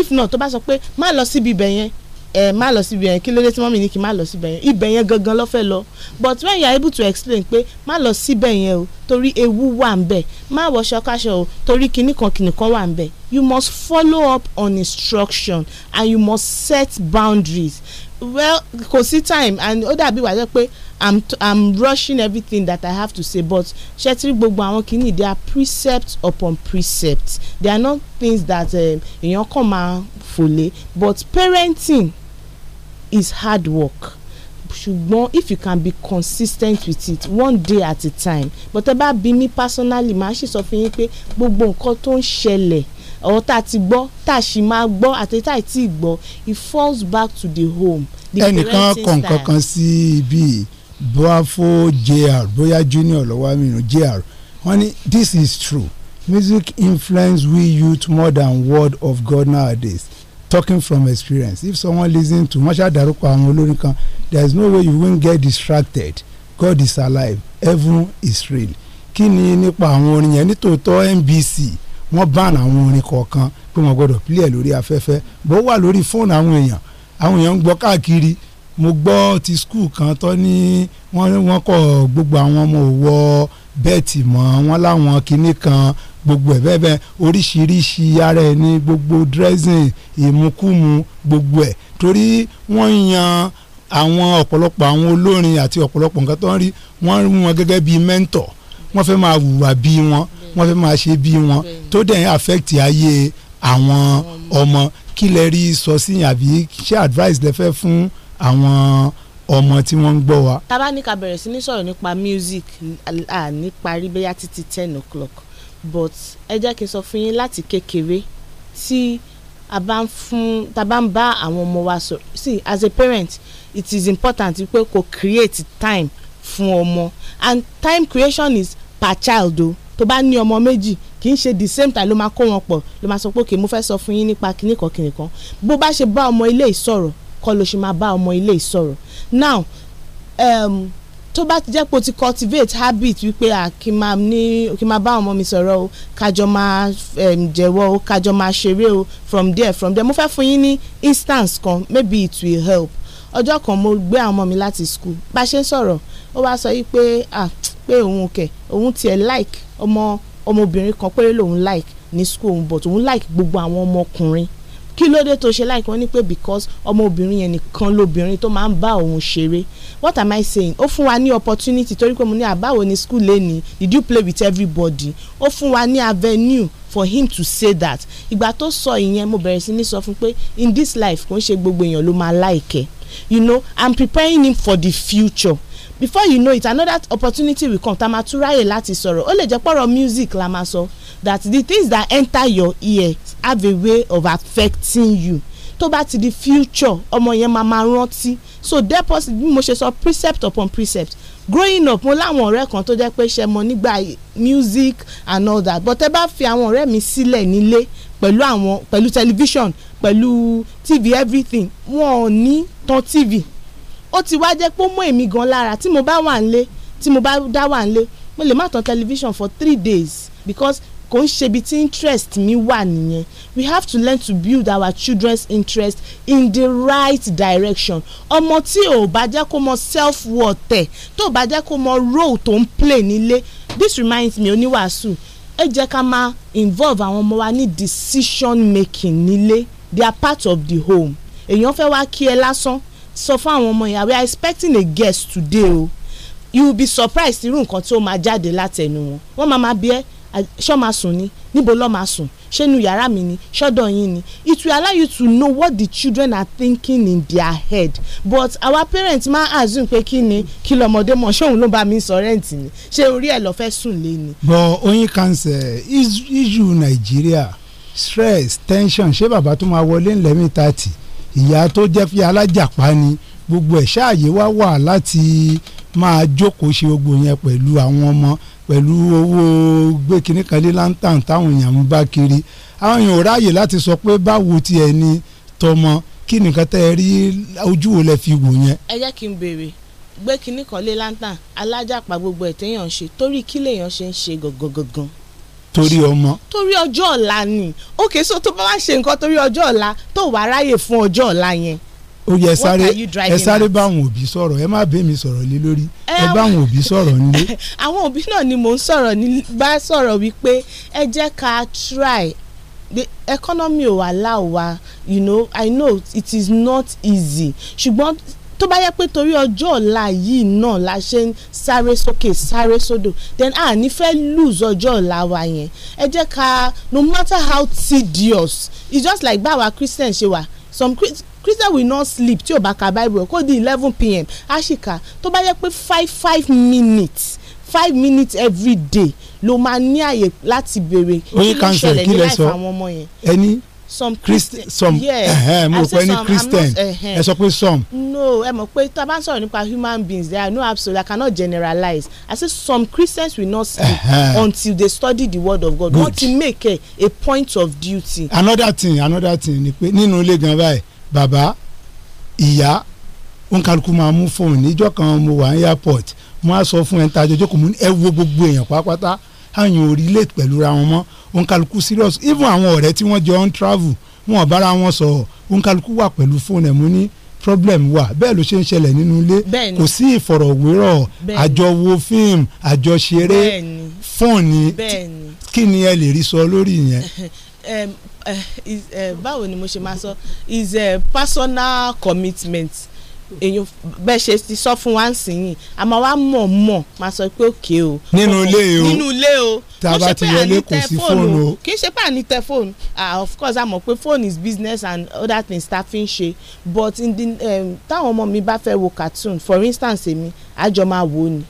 if not tó bá sọ pé má lọ síbi ibẹ̀ yẹn ẹ eh, má lọ síbi yẹn kí ló dé tí ní kí má lọ síbẹ̀ yẹn ibẹ̀ yẹn gangan ló fẹ́ lọ but when you are able to explain pé má lọ síbẹ̀ yẹn o torí ewu wà ń bẹ̀ má wọṣọ káṣọ o torí kinní kan kinní kan wà ń bẹ̀ you must follow up on instruction and you must set boundaries well kò sí time and ó dàbí jẹ́ pé i'm i'm rushing everything that i have to say but ṣẹ́tìrì gbogbo àwọn kìíní they are precepts upon precepts. they are not things that eh, èèyàn kàn máa fòlé but parenting is hard work ṣùgbọ́n if you can be consistent with it one day at a time but ẹ bá bí mi personally màá sì sọ fún yín pé gbogbo nǹkan tó ń ṣẹlẹ̀ ọ̀rọ̀ tá a ti gbọ́ tá a sì máa gbọ́ àti tá a ti gbọ́ it falls back to the home. ẹnìkan kọ̀ǹkan kan sí ibi bravo jr bóyá junior lọ́wọ́ mi nù jr wọ́n ní this is true music influence we youth more than word of God nowadays talking from experience if someone listen to wọn ṣàdárúkọ àwọn olórin kan there is no way you won't get distracted God is alive heaven is real kí ni nípa àwọn orin yẹn nítòótọ́ NBC wọ́n ban àwọn orin kọ̀ọ̀kan pé wọ́n gbọ́dọ̀ play lórí afẹ́fẹ́ bó wà lórí fóònù àwọn èèyàn àwọn èèyàn ń gbọ́ káàkiri mo gbọ́ ti skul kan tó ní wọ́n wọ́n kọ́ gbogbo àwọn ọmọ òwò bẹ́ẹ̀tì mọ́ wọ́n láwọn kinní kan gbogbo ẹ̀ bẹ́ẹ̀ bẹ́ẹ̀ oríṣiríṣi ara ẹni gbogbo dressing ìmukúmu gbogbo ẹ̀ torí wọ́n yan àwọn ọ̀pọ̀lọpọ̀ àwọn olórin àti ọ̀pọ̀lọpọ̀ nǹkan tó ń rí wọ́n rí wọn gẹ́gẹ́ bíi mentor wọ́n fẹ́ máa hùwà bíi wọn wọ́n fẹ́ máa ṣe bíi wọn tó dẹ̀ ń affect ayé àwọn ọmọ kí lẹ rí sọ sí yín àbí ṣé advice lẹ fẹ́ fún àwọn ọmọ tí wọ́n ń gbọ́ wa. tá bá ní ká bẹ̀rẹ̀ sí ní sọ̀rọ̀ nípa music à ní parí bóyá títí ten o'clock but ẹ jẹ́ kí n sọ fún yín láti kékeré tí a bá ń fún ta bá ń bá àwọn ọmọ wa sọ̀rọ̀ see as a parent it is important pé kó create time fún ọmọ and time creation is per child o tó bá ní ọmọ méjì kì í ṣe the same time ló máa kó wọn pọ̀ ló máa sọ pé òkè mo fẹ́ sọ fún yín nípa kìnnìkan kìnnìkan bó bá ṣe bá ọmọ ilé ìsọ̀rọ̀ kọ́ ló ṣe máa bá ọmọ ilé ìsọ̀rọ̀ now um, tó bá ti jẹ́ pé o ti cultivate habit wípé à kí n máa ní kí n máa bá àwọn ọmọ mi sọ̀rọ̀ o kájọ máa jẹ̀wọ́ o kájọ máa ṣeré o from there from there mo fẹ́ fún yín ní instance kan maybe it will help ọjọ́ kan mo gbé àwọn ọmọ mi láti school bá a ṣe ń sọ̀rọ̀ ó wá sọ yìí pé ah pé òun kẹ̀ òun tiẹ̀ like ọmọ ọmọbìnrin kan péré lòun like ní school òun but òun like gbogbo àwọn ọmọkùnrin kí ló dé tó ṣe láìkí wọn ni pé because ọmọbìnrin yẹn nìkan lóbìnrin tó máa ń bá òun ṣeré what am i saying ó fún wa ní opportunity torí pé mo ní àbáwo ni school lè ní did you play with everybody ó fún wa ní avenue for him to say that ìgbà tó sọ ìyẹn mo bẹ̀rẹ̀ sí ní sọ fún pé in this life kò ń ṣe gbogbo èèyàn ló máa láìkẹ́ you know i'm preparing him for the future before you know it another opportunity will come tá máa tún ráyè láti sọ̀rọ̀ ó music la máa sọ that the things that enter your ear have a way of affecting you tó bá ti di future ọmọ yẹn máa máa rántí so deposit bí mo ṣe sọ precept upon precept growing up mo láwọn ọ̀rẹ́ kan tó jẹ́ pé ṣe mọ nígbà music and all that but ẹ bá fi àwọn ọ̀rẹ́ mi sílẹ̀ nílé pẹ̀lú àwọn pẹ̀lú television pẹ̀lú tv everything wọn ò ní tan tv ó ti wá jẹ́ pé ó mú èmi gan lára tí mo bá wà ń lé tí mo bá dá wà ń lé mo lè má tan television for three days because kò ń ṣe ibi tí interest mi wà nìyẹn we have to learn to build our children's interest in the right direction ọmọ tí ò bá jẹ́ kó mọ self worth ẹ̀ tó bá jẹ́ kó mọ role tó ń play nílé this reminds me oníwàásù ẹ jẹ́ ká máa involve àwọn ọmọ wa ní decision making nílé they are part of the home èèyàn fẹ́ wá kí ẹ lásán sọ fún àwọn ọmọ yẹn we are expecting a guest today o you will be surprised irú nǹkan tí ó máa jáde látẹnu wọn wọ́n máa máa bí ẹ́ ṣọ́ máa sùn ni níbo lọ́ máa sùn ṣé nu yàrá mi ni ṣọ́dọ̀ yín ni it will allow you to know what the children are thinking in their head but our parents máa assume pé kí ni kí lọmọdé mọ̀ ṣé òun ló bá mi sọ rẹ́ǹtì ni ṣé orí ẹ̀ lọ́ọ́ fẹ́ sùn lé ni. bọ oyin kansẹ issue nàìjíríà stress tension ṣé bàbá tó máa wọlé ńlẹ́mí thirty ìyá tó jẹ́ fi alájàpá ni gbogbo ẹ̀ ṣáàyè wá wà láti máa jókòó ṣe gbogbo yẹn pẹ̀lú àwọn ọmọ pẹ̀lú owó gbé kinní kan ní lantan táwọn èèyàn ń bá kiri àwọn èèyàn ò ráàyè láti sọ pé báwo ti ẹ̀ ni tọmọ kí nìkan tẹ́ ẹ rí ojú wo lẹ fi wò yẹn. ẹ jẹ́ kí n béèrè gbé kinní kan lé lantan alájàpá gbogbo ẹ̀ téèyàn ṣe torí kí lèèyàn ṣe ń ṣe gangan gangan torí ọmọ. torí ọjọ́ ọ̀la ni òkè so tó bá wá ṣe nǹkan torí ọjọ́ ọ̀la tó wàá ráyè fún ọjọ́ ọ̀la yẹn. ó yẹ sáré ẹ sáré bá àwọn òbí sọ̀rọ̀ ẹ má bẹ́ mi sọ̀rọ̀ lé lórí ẹ bá àwọn òbí sọ̀rọ̀ nílé. àwọn òbí náà ni mò ń sọ̀rọ̀ bá sọ̀rọ̀ wípé ẹ jẹ́ ká try the economy ò wà láò wá you know i know it is not easy ṣùgbọ́n tó bá yẹ pé torí ọjọ́ ọ̀la yìí náà la ṣe ń sáré sókè sáré sódò then a ní fẹ́ lose ọjọ́ ọ̀la wa yẹn ẹ jẹ́ ká no matter how tedious it's just like báwa christian ṣe wà some christian will not sleep tí o bá ka bible kó di eleven pm àṣìkà tó bá yẹ pé five five minutes five minutes every day ló máa ní àyè láti béèrè kí ló ṣẹlẹ̀ ní láìfà àwọn ọmọ yẹn some christian some yeah, mo pe ni not eh, ẹ eh. sọ pé some. no ẹ mọ̀ pé tá a bá ń sọ̀rọ̀ nípa human beings there are no absolute I cannot generalize I say some christians will not sleep until they study the word of God Good. until make a, a point of duty. another thing another thing ni pé nínú ilé gan báyìí bàbá ìyá ònkàlùkù máa mú fóònù níjọ́ kan mo wà ní airport mo á sọ fún ẹ ń ta àjọjọ́ kò mú ẹ wo gbogbo èèyàn pátápátá àyàn ò rí lè pẹ̀lú ra wọn mọ́ òǹkàlùkù serious even àwọn ọ̀rẹ́ tí wọ́n jọ ń travel wọn ò bára wọn sọ̀rọ̀ òǹkàlùkù wà pẹ̀lú fóònù ẹ̀ mú ní problem wà bẹ́ẹ̀ ló ṣe ń ṣẹlẹ̀ nínú ilé kò sí ìfọ̀rọ̀wérọ̀ àjọwò fíìmù àjọṣeré fóònù kí ni ẹ lè rí sọ lórí yẹn. Eh, eh, báwo ni mo ṣe máa sọ is a eh, personal commitment èyàn bẹ́ẹ̀ ṣe ti sọ fún wa nsìnyìn àmọ́ wa mọ̀ mọ̀ máa sọ pé òkè o. nínú ilé o nínú ilé o tàbá ti wọlé kò sí fóònù o. kì í ṣe pé à ní tẹ fóònù ah of course a mọ̀ pé phone is business and other things ta fi ń ṣe but táwọn ọmọ mi bá fẹ́ wo cartoon for instance èmi àjọ máa wò ni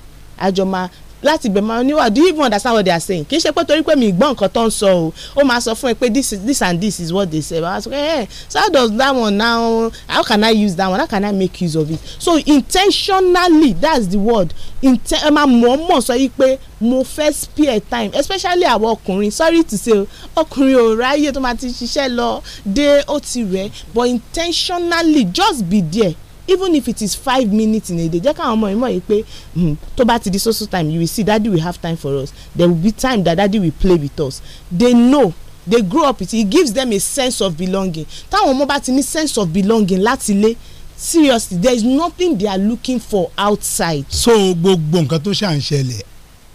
àjọ máa láti gbẹ̀ máa ní you even understand what they are saying kì í ṣe pé torí pé mi gbọ́ nǹkan tó ń sọ o ó máa sọ fún ẹ pé this this and this is what they say but i was like eh, so how does that one now how can i use that one how can i make use of it so intentionally that's the word inten ẹ máa mọ̀ọ́mọ̀ sọ yìí pé mo fẹ́ spare time especially àwọn ọkùnrin sorry to say ọkùnrin ò ráyè tó máa ti ṣiṣẹ́ lọ dé ó ti rẹ̀ but intentionally just be there even if it is five minutes in a day jẹ́ káwọn ọmọ ìmọ̀ yìí pé hmm, tó bá ti di social time you will see daddy will have time for us there will be time that daddy will play with us they know they grow up with it it gives them a sense of belonging táwọn ọmọ bá ti ní sense of belonging láti ilé seriously there is nothing they are looking for outside. so gbogbo nǹkan tó ṣà ń ṣẹlẹ̀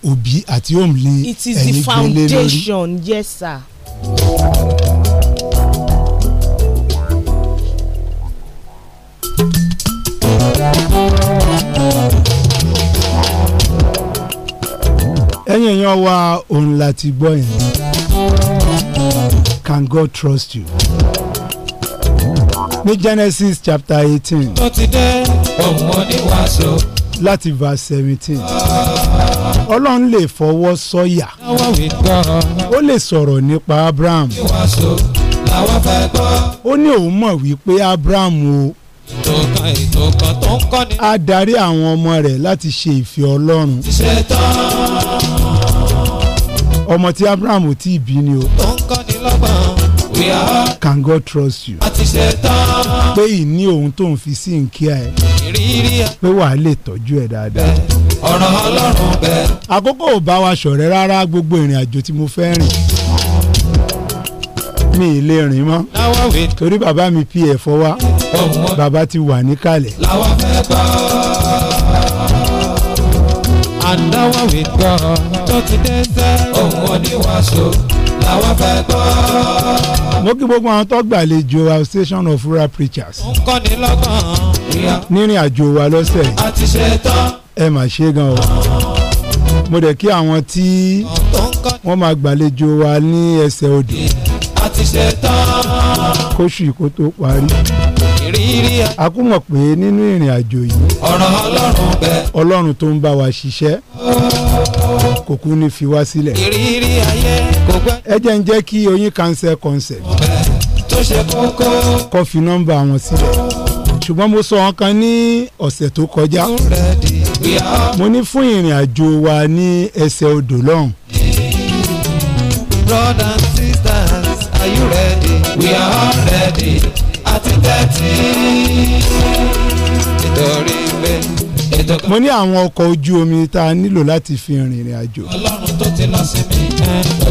òbí àti òmìnir ẹ̀yìn gbélé lórí. it is the foundation yes sir. èèyàn wa òun láti gbọ́ yẹn can God trust you ní Genesis chapter eighteen láti verse seventeen ọlọ́run lè fọwọ́ sọ́yà ó lè sọ̀rọ̀ nípa Abraham ó ní òun mọ̀ wípé Abraham o a darí àwọn ọmọ rẹ̀ láti ṣe ìfẹ́ ọlọ́run ọmọ tí Abraham ò tí ì bí ni o. ó ń kọ́ni lọ́gbọ̀n. Can God trust you? a ti ṣe tán. pé ìní ohun tó ń fi sí nkíá ẹ. ìrírí ẹ. pé wàá lè tọ́jú ẹ dáadáa. ọ̀rọ̀ Ọlọ́run bẹ́ẹ̀. àkókò ò bá wa ṣọ̀rẹ́ rárá gbogbo ìrìn àjò tí mo fẹ́ rìn mi ì lè rìn mọ́ torí bàbá mi pf wa bàbá ti wà níkàlẹ̀. làwọn fẹ́ gbọ́ àdáwọ̀ with God tó ti dé sẹ́. òun làwọn fẹ́ gbọ́. mo kí gbogbo àwọn tó gbàlejò association of rural preachers. ń kọ́ni lọ́gàn. nírìn àjò wa lọ́sẹ̀. a ti ṣe tán. ẹ mà ṣe gan o mo dẹ̀ kí àwọn tí wọ́n máa gbàlejò wa ní ẹsẹ̀ odò kóṣù kó parí ìrírí. a kún mọ̀ pé nínú ìrìn àjò yìí. ọ̀rọ̀ ọlọ́run bẹ. ọlọ́run tó ń bá wa ṣiṣẹ́. kò kú ní fi wá sílẹ̀. ìrírí ayé kò gbẹ. ẹ jẹ́ ń jẹ́ kí oyin cancel concept. tó ṣe kókó. kọ́ fi wọn sílẹ̀. ṣùgbọ́n mo sọ wọn kan ní ọ̀sẹ̀ tó kọjá. mo ní fún ìrìn àjò wa ní ẹsẹ̀ odò lọ́hùn. brothers and sisters are you ready? we are all ready tíkẹ́ẹ̀tì nítorí pé ètò kan. mo ní àwọn ọkọ̀ ojú omi tá a nílò láti fi rìnrìn àjò. ọlọ́run tó ti lọ sí mi.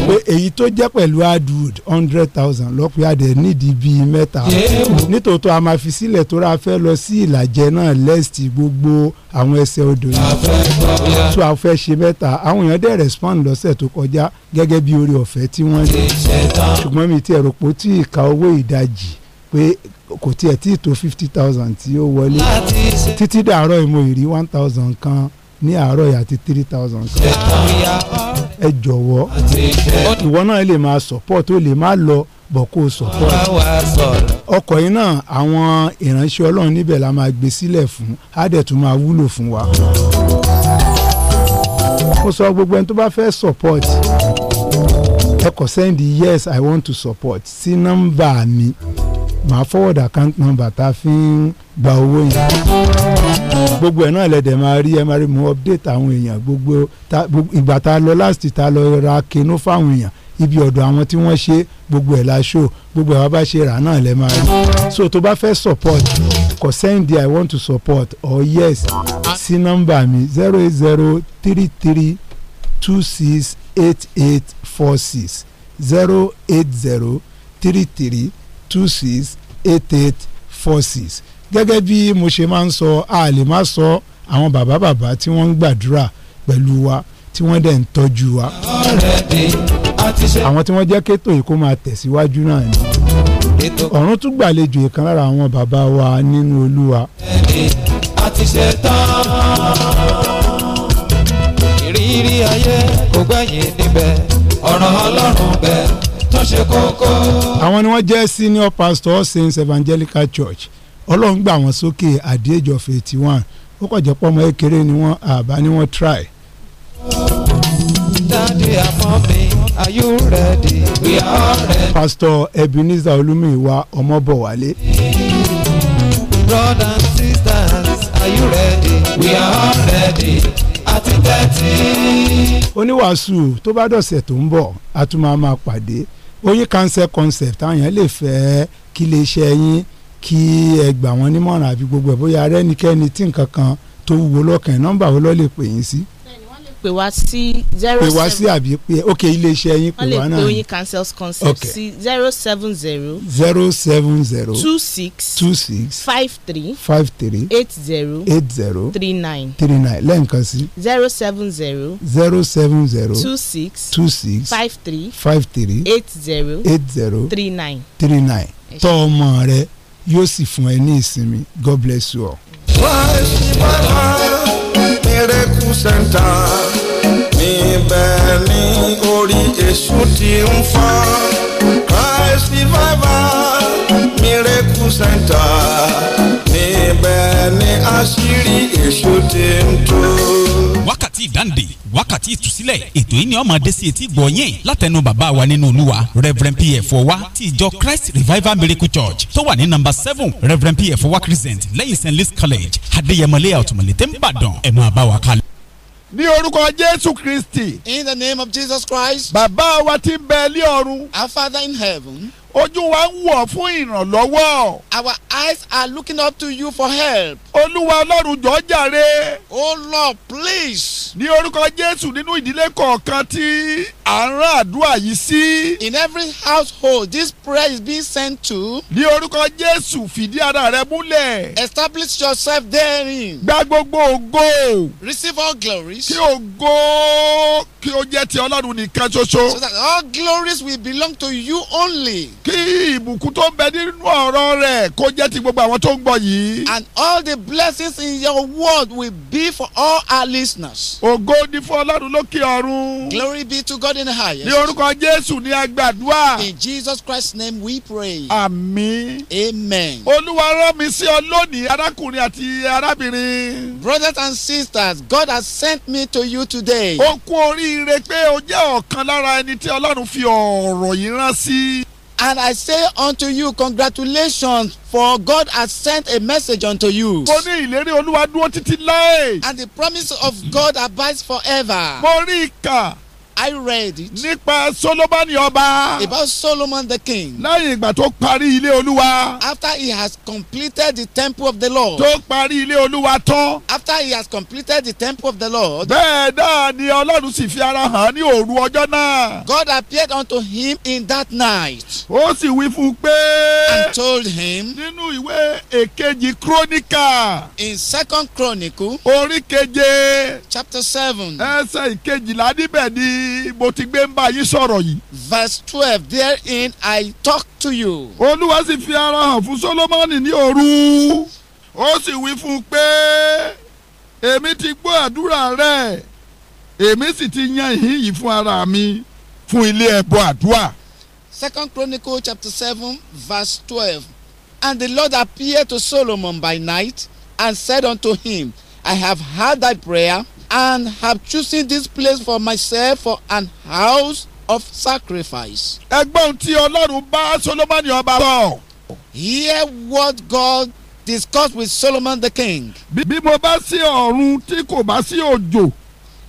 pé èyí tó jẹ́ pẹ̀lú hardwood hundred thousand lọ́pẹ́ adẹ̀ nídìí bíi mẹ́ta nítòótọ́ a máa fi sílẹ̀ tó ra fẹ́ lọ sí ìlàjẹ náà lẹ́sìtì gbogbo àwọn ẹsẹ̀ odò yìí tó a fẹ́ ṣe mẹ́ta àwọn èèyàn dẹ̀ respond lọ́sẹ̀ tó kọjá gẹ́gẹ́ bí oore ọ̀fẹ́ tí wọ́n ṣùgbọ́n mi ti ẹ̀rọ tí ì pé kò tiẹ̀ tí tó fifty thousand tí ó wọlé títí dàárọ̀ ìmọ̀ ìrí one thousand kan ní àárọ̀ yìí àti three thousand kan ẹ jọ̀wọ́ ìwọ náà lè máa support ó lè máa lọ bọ̀ kó o support ọkọ̀ yìí náà àwọn ìránṣẹ́ ọlọ́run níbẹ̀ la máa gbé sílẹ̀ fún á dẹ̀ tún máa wúlò fún wa mo sọ gbogbo ẹni tó bá fẹ́ support ẹ kọ sẹ́ndì yes i want to support sí nọ́mbà mi màá forward account number tá a fi ń gba owó yẹn gbogbo ẹ̀ náà lẹ́dẹ̀ máa rí ẹ máa rí mo update àwọn èèyàn gbogbo ìgbà tá a lọ last tá a lọ ra kinú fáwọn èèyàn ibi ọ̀dọ̀ àwọn tí wọ́n ṣe gbogbo ẹ̀ la ṣó gbogbo ẹ̀ wá bá ṣe rà náà lẹ́ máa rí so tó bá fẹ́ support kò send there i want to support or yes sí nọ́mbà mi zero eight zero three three two six eight eight four six zero eight zero three three two six eight eight four six gẹ́gẹ́ bí mo ṣe máa ń sọ a lè má sọ àwọn bàbá bàbá tí wọ́n ń gbàdúrà pẹ̀lú wa tí wọ́n dẹ̀ ń tọ́jú wa. àwọn tí wọ́n jẹ́ kétò yìí kó máa tẹ̀síwájú náà ni. ọ̀run tún gbàlejò ìkan lára àwọn bàbá wa nínú olúwa. ìrírí ayé kò gbẹ̀yìn níbẹ̀ ọ̀ràn ọlọ́run bẹ́ẹ̀ tó ṣe kókó. àwọn ni wọ́n jẹ́ senior pastor All Saints Evangelical Church ọlọ́run gbà wọ́n sókè at the one ó kọ̀ jẹ́ pọ́mọ ékeré ni wọ́n àbá ni wọ́n try. Daddy Amobi, are you ready? We are ready. Pastor Ebenezer Olumiwa Ọmọbọwálé. Brothers and sisters, are you ready? We are ready. Àti tẹ́tí. Oníwàásù tó bá dọ̀sẹ̀ tó ń bọ̀, a tún máa máa pàdé oyin cancer concept àwọn yẹn lè fẹ́ kí lè ṣe yín kí ẹ gbà wọ́n nímọ̀ràn àbí gbogbo ẹ̀ bóyá arẹ́nikẹ́ni tí nǹkan kan tó wúwo lọ́kàn nọ́mbà wo ló lè pè yín sí. Si pè wá sí zero seven pè wá sí àbí pè ok iléeṣẹ́ yín pè wá náà wọ́n lè pè oyin cancels concept sí zero seven zero zero seven zero two six two six five three five three eight zero eight zero three nine three nine lẹ́ǹkan sí zero seven zero zero seven zero two six two six five three five three eight zero eight zero three nine three nine tọ́ ọmọ rẹ yóò sì fún ẹ ní ìsinmi God bless you all. Life, my life miracle center níbẹ̀ ni orí èṣù ti ń fọ́ christ revival miracle center níbẹ̀ ni àṣírí èṣù ti ń tó wákàtí ìdáǹdè wákàtí ìtúsílẹ̀ ètò yìí ni ó máa dé sí etí gbọ̀ yín látẹnu bàbá wa nínú olúwa reverend pf ọwá ti ìjọ christ revival miracle church tó wà ní number seven reverend pf ọwá crescent lẹ́yìn st louis college adéyẹmọlẹ́yà ọ̀túnmọ̀lẹ́tẹ̀ ń bàdàn ẹ̀ máa bá wa kalẹ̀ ní orúkọ jésù kristi. in the name of jesus christ. bàbá wa tí ń bẹ ní our father in heaven ojú wa ń wọ̀ fún ìrànlọ́wọ́. our eyes are looking up to you for help. olúwa ọlọ́run jọ̀ọ́ jàre. oh lord please. ní orúkọ jésù nínú ìdílé kọ̀ọ̀kan tí à ń rán àdúrà yìí sí. in every household this prayer is being sent to. ní orúkọ jésù fìdí ara rẹ múlẹ̀. establish yourself therein. gba gbogbo ògo. receive all glories. kí ògo kí ó jẹ́ ti ọlọ́run nìkan ṣoṣo. so that all glories will belong to you only kí ìbùkún tó ń bẹ nínú ọ̀rọ̀ rẹ̀ kó jẹ́ ti gbogbo àwọn tó ń gbọ́ yìí. and all the blessings in your word will be for all our listeners. ògo ni fún ọlọ́run lókè ọ̀run. glory be to God in the highest. ní orúkọ Jésù ni a gbàdúrà. in Jesus Christ's name we pray. àmín. amen. olúwa rán mi sí ọ lónìí arákùnrin àti arábìnrin. brothers and sisters God has sent me to you today. ó kú oríire pé o jẹ́ ọ̀kan lára ẹni tí ọlọ́run fi ọ̀rọ̀ yìí rán sí. And I say unto you, congratulations, for God has sent a message unto you. Mo ní ìlérí Olúwa dúró títí láé. And the promise of God abides forever. Mo rí ìkà. I read it. nípa Solomoni ọba. about Solomon the king. lẹ́yìn ìgbà tó parí ilé Olúwa. after he has completed the temple of the Lord. tó parí ilé Olúwa tán. after he has completed the temple of the Lord. bẹ́ẹ̀ náà ni Ọlọ́run sì fi ara hàn ní òru ọjọ́ náà. God appeared unto him in that night. ó sì wí fún un pé. and told him. nínú ìwé èkejì Kíróníkà. in second chronicle. orí keje. chapter seven. ẹsẹ̀ ìkejìlá níbẹ̀ ni mo ti gbé ń bá yín sọ̀rọ̀ yìí. verse twelve therein I talk to you. olúwa sì fi ara hàn fún Sólómọ́nì ní òru ó sì wí fún un pé èmi ti gbọ́ àdúrà rẹ èmi sì ti yan ìhín yìí fún ara mi fún ilé ẹbọ àdúrà. Second Chronicle chapter seven verse twelve and the Lord appeared to Solomon by night and said unto him I have heard thy prayer and have chosen this place for myself for an house of sacrifice. ẹgbọ́n tí Ọlọ́run bá Solomoni ọba bọ̀. Hear what God discussed with Solomon the king. Bí mo bá sí ọ̀run tí kò bá sí òjò.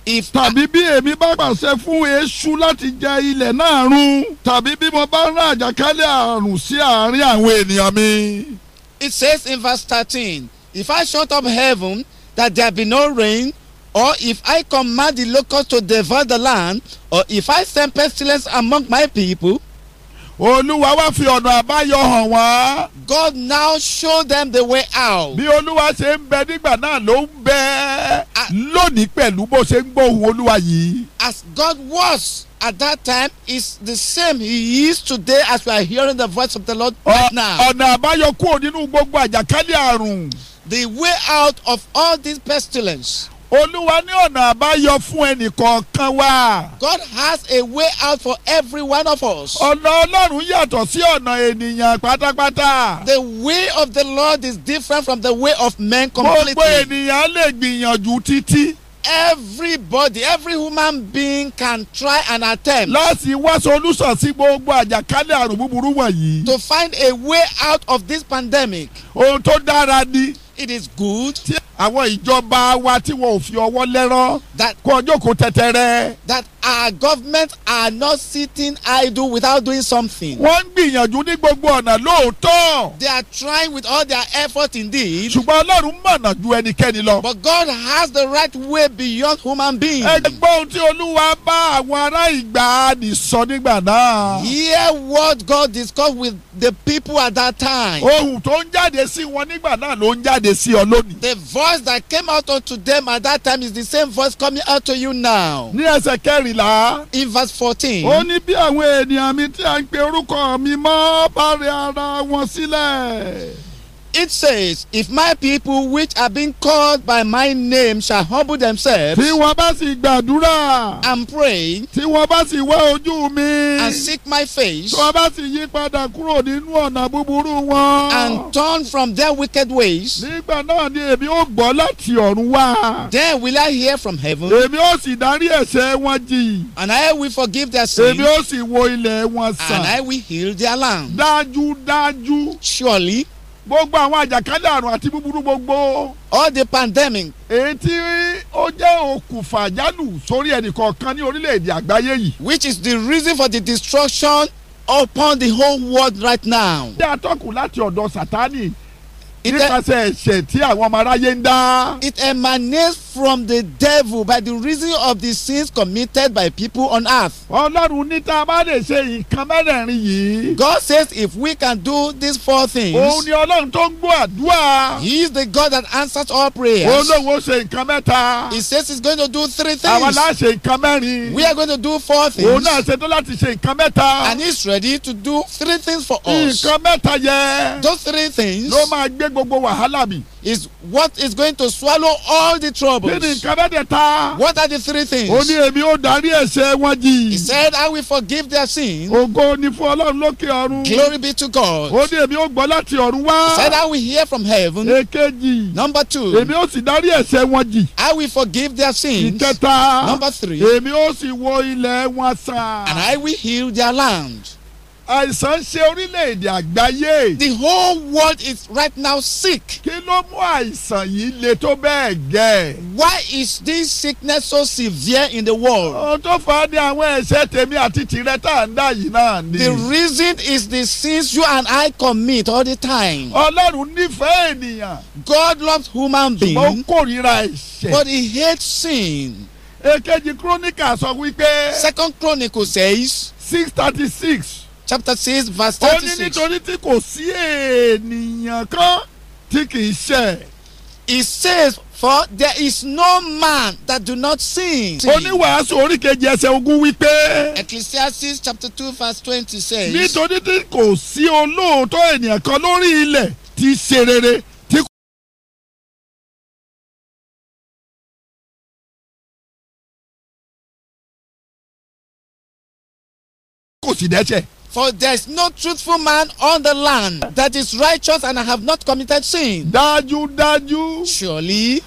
If tàbí bí èmi bá pàṣẹ fún eṣú láti jẹ ilẹ̀ náà run tàbí bí mo bá rán àjàkálẹ̀ àrùn sí àárín àwọn ènìyàn mi. It says in verse thirteen, If I shut up heaven that there be no rain or if I command the locals to devour the land, or if I send pestilence among my people. Olúwa wá fi ọ̀nà àbáyọ hàn wá. God now show them the way out. Bí Olúwa ṣe ń bẹ nígbà náà ló ń bẹ lónìí pẹ̀lú bó ṣe ń gbóhùn Olúwa yìí. As God was at that time is the same he is today as we are hearing the voice of the Lord right now. Ọ̀nà àbáyọ kúrò nínú gbogbo àjàkálẹ̀ àrùn. The way out of all this pestilence. Olúwa ní ọ̀nà àbáyọ fún ẹnìkọ̀ọ̀kan wa. God has a way out for every one of us. Ọ̀nà Ọlọ́run yàtọ̀ sí ọ̀nà ènìyàn pátápátá. The way of the Lord is different from the way of men completely. Gbogbo ènìyàn lè gbìyànjú títí. Everybody, every human being can try and attempt. Láti wá solúsàn sí gbogbo àjàkálẹ̀ àrùn búburú wọ̀nyí. To find a way out of this pandemic. Ohun tó dára ni it is good. àwọn ìjọba wa tí wọn ò fi ọwọ́ lẹ́rán. that kó ọjọ́ tẹ́tẹ́rẹ́. that our government are not sitting idle without doing something. wọ́n ń gbìyànjú ní gbogbo ọ̀nà lóòótọ́. they are trying with all their effort indeed. ṣùgbọ́n ọlọ́run mọ̀nà ju ẹnikẹ́ni lọ. but God has the right way beyond human being. ẹ tí olúwa bá àwọn ará ìgbàanì sọ nígbà náà. hear what God discussed with the people at that time. ohun tó ń jáde sí wọn nígbà náà ló ń jáde jáde sí ọ lónìí. the voice that came out unto them at that time is the same voice coming out to you now. ní ẹsẹ̀ kẹrìnlá. in verse fourteen. ó ní bí àwọn ènìyàn mi tí a ń pe orúkọ mi mọ́ bá rẹ ara wọn sílẹ̀ it says if my people which have been called by my name shall humble themselves. tí wọ́n bá sì gbàdúrà. and pray. tí wọ́n bá sì wá ojú mi. and seek my face. tí wọ́n bá sì yí padà kúrò nínú ọ̀nà búburú wọn. and turn from their wicked ways. nígbà náà ni èmi ó gbọ́ láti ọ̀run wá. then will I hear from heaven. èmi ó sì dárí ẹ̀ṣẹ̀ wọn jì. and I will forgive their sin èmi ó sì wo ilẹ̀ wọn sàn. and I will heal their land. dájúdájú. surely gbogbo àwọn àjàkálẹ̀ àrùn àti búburú gbogbo. all the pandemic. èyí tí ó jẹ́ okùnfà àjálù sórí ẹnìkọ̀ọ̀kan ní orílẹ̀-èdè àgbáyé yìí. which is the reason for the destruction upon the whole world right now. ṣé atọ́kùn láti ọ̀dọ̀ sátánì nípasẹ̀ e- ẹ̀ṣẹ̀ tí àwọn ọmọ aráyé ń dá. it emanates from the devil by the reason of the sins committed by people on earth. ọlọ́run ní tá a bá lè ṣe nǹkan mẹ́rẹ̀ẹ̀rin yìí. God says if we can do these four things. òun ni ọlọ́run tó ń gbọ́ àdúrà. he is the God that answers all prayers. olóhùn ṣe nǹkan mẹ́ta. he says he is going to do three things. àwọn aláà nǹkan mẹ́rin. we are going to do four things. òun náà ṣetán láti ṣe nǹkan mẹ́ta. and he is ready to do three things for us. nǹkan mẹ́ta yẹ. those three things. ló máa gbé gbogbo wàhálà mi. is what is going to swallow all the troubles. kí ni nǹkan bẹ́ẹ̀ de ta. what are the three things. ó èmi ó darí ẹ̀ṣẹ̀ wọn jì. he said I will forgive their sins. ògo ni fún ọlọ́run lókè ọ̀run. glory be to God. ó èmi ó gbọ́ láti ọ̀run wá. he said I will hear from heaven. èkejì. number two. èmi ó sì darí ẹ̀ṣẹ̀ wọn jì. I will forgive their sins. ìkẹta. number three. èmi ó sì wo ilẹ̀ wọn sàn. and I will heal their land àìsàn ṣe orílẹ̀-èdè àgbáyé. the whole world is right now sick. kí ló mú àìsàn yìí le tó bẹ́ẹ̀ gẹ́. why is this sickness so severe in the world. ohun tó fà á ní àwọn ẹ̀ṣẹ̀ tèmi àti tìrẹ tá à ń dá yìí náà ni. the reason is the sins you and I commit all the time. ọlọ́run nífẹ̀ẹ́ ènìyàn. God loves human beings. ṣùgbọ́n ó ẹ̀ṣẹ̀. but he hates sin. èkejì kírónìkà sọ wípé. second chronicle says. six thirty six chapter six verse thirty six. ó ní nítorí tí kò sí ènìyàn kan tí kì í ṣẹ̀. he says for there is no man that do not sin. oníwàásù oríkejì ẹsẹ̀ ogún wípé. ecclesiastes chapter two verse twenty says. nítorí tí kò sí olóòótọ́ ènìyàn kan lórí ilẹ̀ tí ṣe rere kò sì dẹ́ṣẹ̀. For there is no truthful man on the land that is righteous and I have not committed sin. Dájúdájú. Surely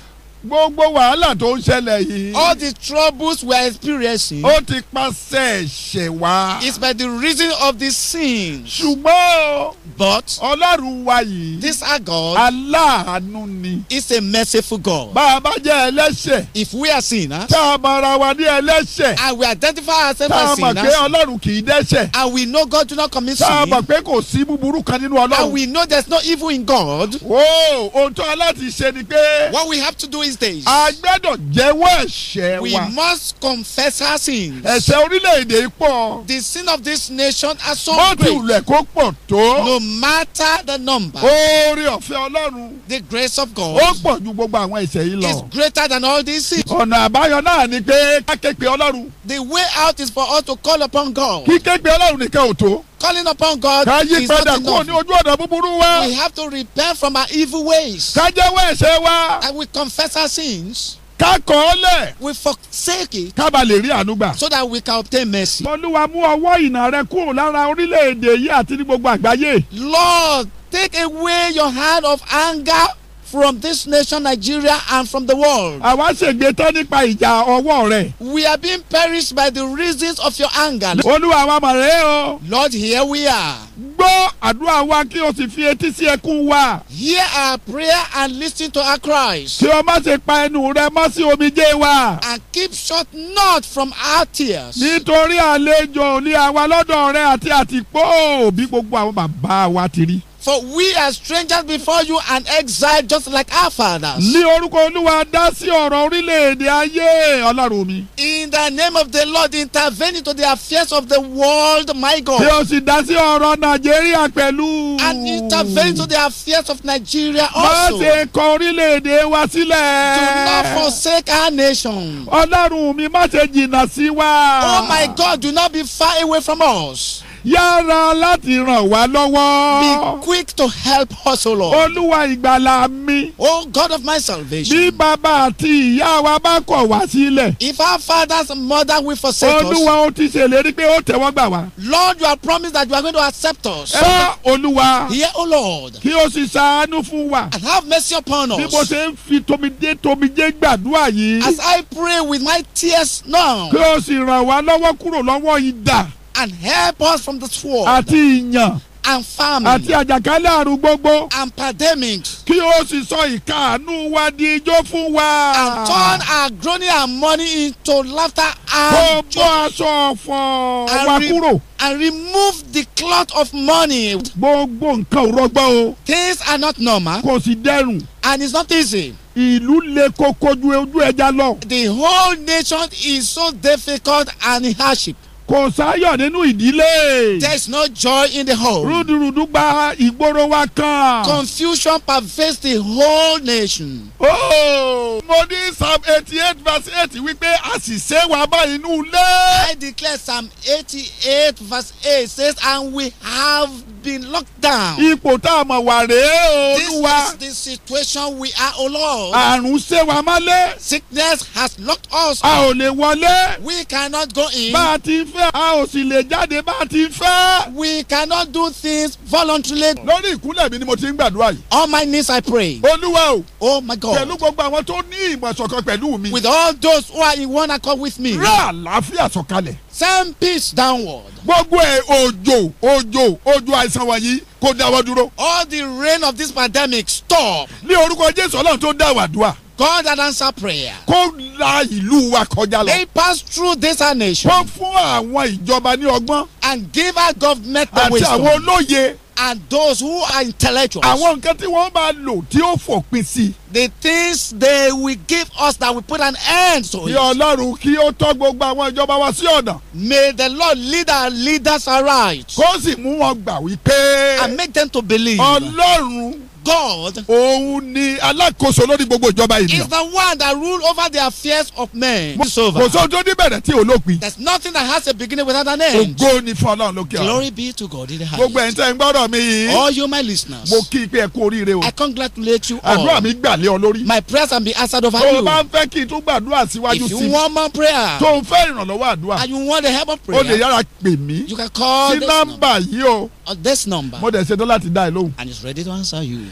gbogbo wàhálà tó ń ṣẹlẹ̀ yìí. all the troubles we are experiencing. ó ti pàṣẹ ẹ̀ṣẹ̀ wa. is by the reason of the sin. ṣùgbọ́n. but ọlọ́run wa yìí. this our God. aláàánú ni. is a merciful God. bá a bá jẹ́ ẹlẹ́ṣẹ̀. if we are sinners. tá a mọ wa ní ẹlẹ́ṣẹ̀. and we identify ourselves as sinners. tá a mọ̀ pé ọlọ́run kì í dẹ́ṣẹ̀. and we know God do not commit sin. tá a mọ̀ pé kò sí búburú kan nínú ọlọ́run. and we know there is no evil in God. oh ohun tó aláti ṣe ni pé. what we have to do is these a gbẹ́dọ̀ jẹ́wọ́ ẹ̀ṣẹ̀ wa. we must confess our sins. ẹ̀ṣẹ̀ orílẹ̀-èdè pọ̀. the sin of this nation are so great. bó ti wulẹ̀ pọ̀ tó. no matter the number. oore ọ̀fẹ́ Ọlọ́run. the grace of God. ó pọ̀ ju gbogbo àwọn ẹ̀ṣẹ̀ yìí lọ. is greater than all these sins. ọ̀nà àbáyọ náà ni pé ká képe Ọlọ́run. the way out is for us to call upon God. kí képe Ọlọ́run nìkan ò tó calling upon God is not enough. ká yí padà kúrò ní ojú ọ̀nà búburú wa. we have to repent from our evil ways. ká jẹ́wọ́ ẹ̀ṣẹ̀ wa. and we confess our sins. ká kọ̀ ọ́ lẹ̀. we forsake it. ká ba lè rí àánú gbà. so that we can obtain mercy. olúwa mú ọwọ́ ìnà rẹ kúrò lára orílẹ̀-èdè yìí àti ní gbogbo àgbáyé. Lord take away your hand of anger from this nation Nigeria and from the world. àwa ṣègbè tán nípa ìjà ọwọ́ rẹ. we are being perished by the reasons of your anger. olúwa wa mà rè o. Lord here we are. gbọ́ àdúrà wa kí o sì fi etí sí ẹkún wa. hear our prayer and listen to our cries. kí o má ṣe pa ẹnu rẹ mọ́ sí omijé wa. and keep short not from our tears. nítorí àlejò ni àwa lọ́dọ̀ rẹ àti àtìpó bí gbogbo àwọn bàbá wa ti rí for we are strangers before you and exiles, just like our fathers. ní orúkọ olúwa dá sí ọ̀rọ̀ orílẹ̀-èdè ayé ọlọ́run mi. in the name of the lord intervene into the affairs of the world my god. bí o sì dá sí ọ̀rọ̀ nàìjíríà pẹ̀lú. and intervene into the affairs of nigeria also. má ṣe kọ orílẹ̀-èdè wa sílẹ̀. do not forsake our nation. ọlọ́run mi má ṣe jìnnà sí wa. oh my god do not be far away from us yára láti ràn wá lọ́wọ́. be quick to help us o Lord. olúwa ìgbàlà mi. o God of my salvation. bí bàbá àti ìyá wa bá kọ̀ wá sílẹ̀. if our fathers and mother will forsake us. olúwa o ti ṣèlérí pé ó tẹ́wọ́ gbà wá. Lord you have promised that you are going to accept us. ẹ olúwa. hear o Lord. kí o sì ṣàánú fún wa. and have mercy upon us. bí mo ṣe ń fi tomijé tomijé gbàdúrà yìí. as I pray with my tears now. kí o sì ràn wá lọ́wọ́ kúrò lọ́wọ́ idà and help us from the world. àti ìyàn. and famine. àti àjàkálẹ̀ àrùn gbogbo. and pandemics. kí o sì sọ ìkáàánú wa di ijó fún wa. and turn our groaning and mourning into laughter and joy. kó aṣọ ọ̀fọ̀ wa kúrò. and remove the cloth of mourning. gbogbo nǹkan ò rọgbọ o. things are not normal. kò sì dẹrùn. and it's not easy. ìlú le koko ju ojú ẹja lọ. the whole nation is so difficult and hardship kò sáyọ̀ nínú ìdílé. there is no joy in the home. rúdurùdu gba ìgboro wa kan. confusion pervades the whole nation. ooo oh, mo ní psalm eighty eight verse eight wípé àṣìṣe wà bá inú ilé. I declare psalm eighty eight verse eight says and we have been locked down. ipò tá a mọ̀ wà rèé olúwa. this is the situation we are o Lord. àrùn ṣe wa mọ́lé. sickness has locked us. a ò lè wọlé. we cannot go in. bá a ti fẹ́ sílẹ̀ a ò sì lè jáde bá a ti fẹ́. we cannot do things voluntarily. lórí ìkúnlẹ̀ mi ni mo ti ń gbàdúrà yìí. on my knees I pray. olúwa o. oh my God. pẹ̀lú gbogbo àwọn tó ní ìmọ̀ pẹ̀lú mi. with all those who are in one accord with me. rà àlàáfíà sọ̀kalẹ̀. send peace downward. gbogbo ẹ̀ òjò òjò òjò àìsàn wọ̀nyí kó dáwọ́ dúró. all the rain of this pandemic stop. ní orúkọ Jésù Ọlọ́run tó dá wàdúrà. God that answer prayer. Kó la ìlú wa kọjá lọ. They pass through this our nation. Wọ́n fún àwọn ìjọba ní ọgbọ́n. And give our government the wisdom. Àti àwọn olóye. And those who are intellectual. Àwọn nǹkan tí wọ́n bá lò tí ó fòpin sí. The things they will give us that will put an end to it. Kí Ọlọ́run kí ó tọ́ gbogbo àwọn ìjọba wa sí ọ̀nà. May the Lord lead our leaders aright. Kó sì mú wọn gbà wípé. And make them to believe. Ọlọ́run. God. Òun ni alákòóso lórí gbogbo ìjọba ènìyàn. is the one that rule over the affairs of men. Mo kò sóhun tó ní bẹ̀rẹ̀ tí ò there is nothing that has a beginning without an end. Ògo ni fún Ọlọ́run lókè ọ̀run. glory be to God in the highest. Gbogbo ẹ̀yin tẹ́ ń gbọ́dọ̀ mi all you my listeners. Mo kí i pé ẹ kú oríire o. I congratulate you all. Àdúrà mi gbà lé ọ lórí. my prayers have been answered over you. o bá ń fẹ́ kí n tún gbàdúrà síwájú sí. if you want more prayer. Tó o fẹ́ ìrànlọ́wọ́ àdúrà. and you want the help of prayer. O lè yára pè mí. you can call this number. sí nọ́mbà yìí o. Uh, this number. Mo dẹ̀ ṣetán láti dá ẹ lóhùn. and he ready to answer you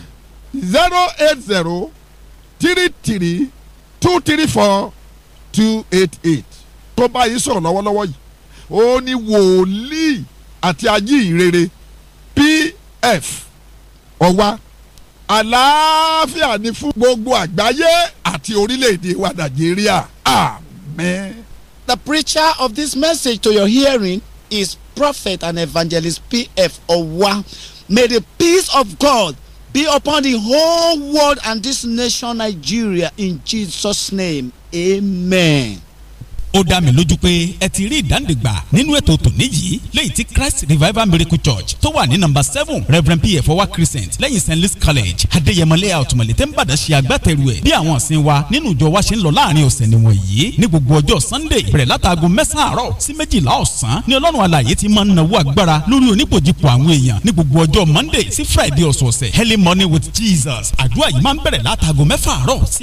zero eight zero three three two three four two eight eight tó bá yìí sọ̀rọ̀ lọ́wọ́lọ́wọ́ yìí ó ní wòlíì àti ajíhìnrere pf ọ̀wá àlàáfíà ni fún gbogbo àgbáyé àti orílẹ̀-èdè wa nàìjíríà amen. The preacher of this message to your hearing is prophet and evangelist pf ọ̀wá. May the peace of God be upon the whole world and this nation Nigeria in Jesus' name. Amen. ó dá mi lójú pé ẹ ti rí ìdánidìgbà nínú ètò tòní yìí lẹ́yìn tí Christ Revival Miracle Church tó wà ní nọ́mbà seven Reverend P.F. Ọwá Crescent lẹ́yìn St. Louis College Adéyẹmọ Layout Mọ̀lété ń bàdàn ṣe agbátẹrù ẹ̀ bí àwọn ọ̀sìn wa nínú ìjọ wa ṣe ń lọ láàrin ọ̀sẹ̀ nìwọ̀n yìí ní gbogbo ọjọ́ Sunday bẹ̀rẹ̀ látàgò mẹ́sàn-án àárọ̀ sí méjìlá ọ̀sán ni Ọlọ́run alààyè ti máa ń nawó agbára lórí onípòjìpọ̀ Monday sí Friday ọ̀sọ̀ọ̀sẹ̀ Early Morning with Jesus àdúrà yìí máa ń bẹ̀rẹ̀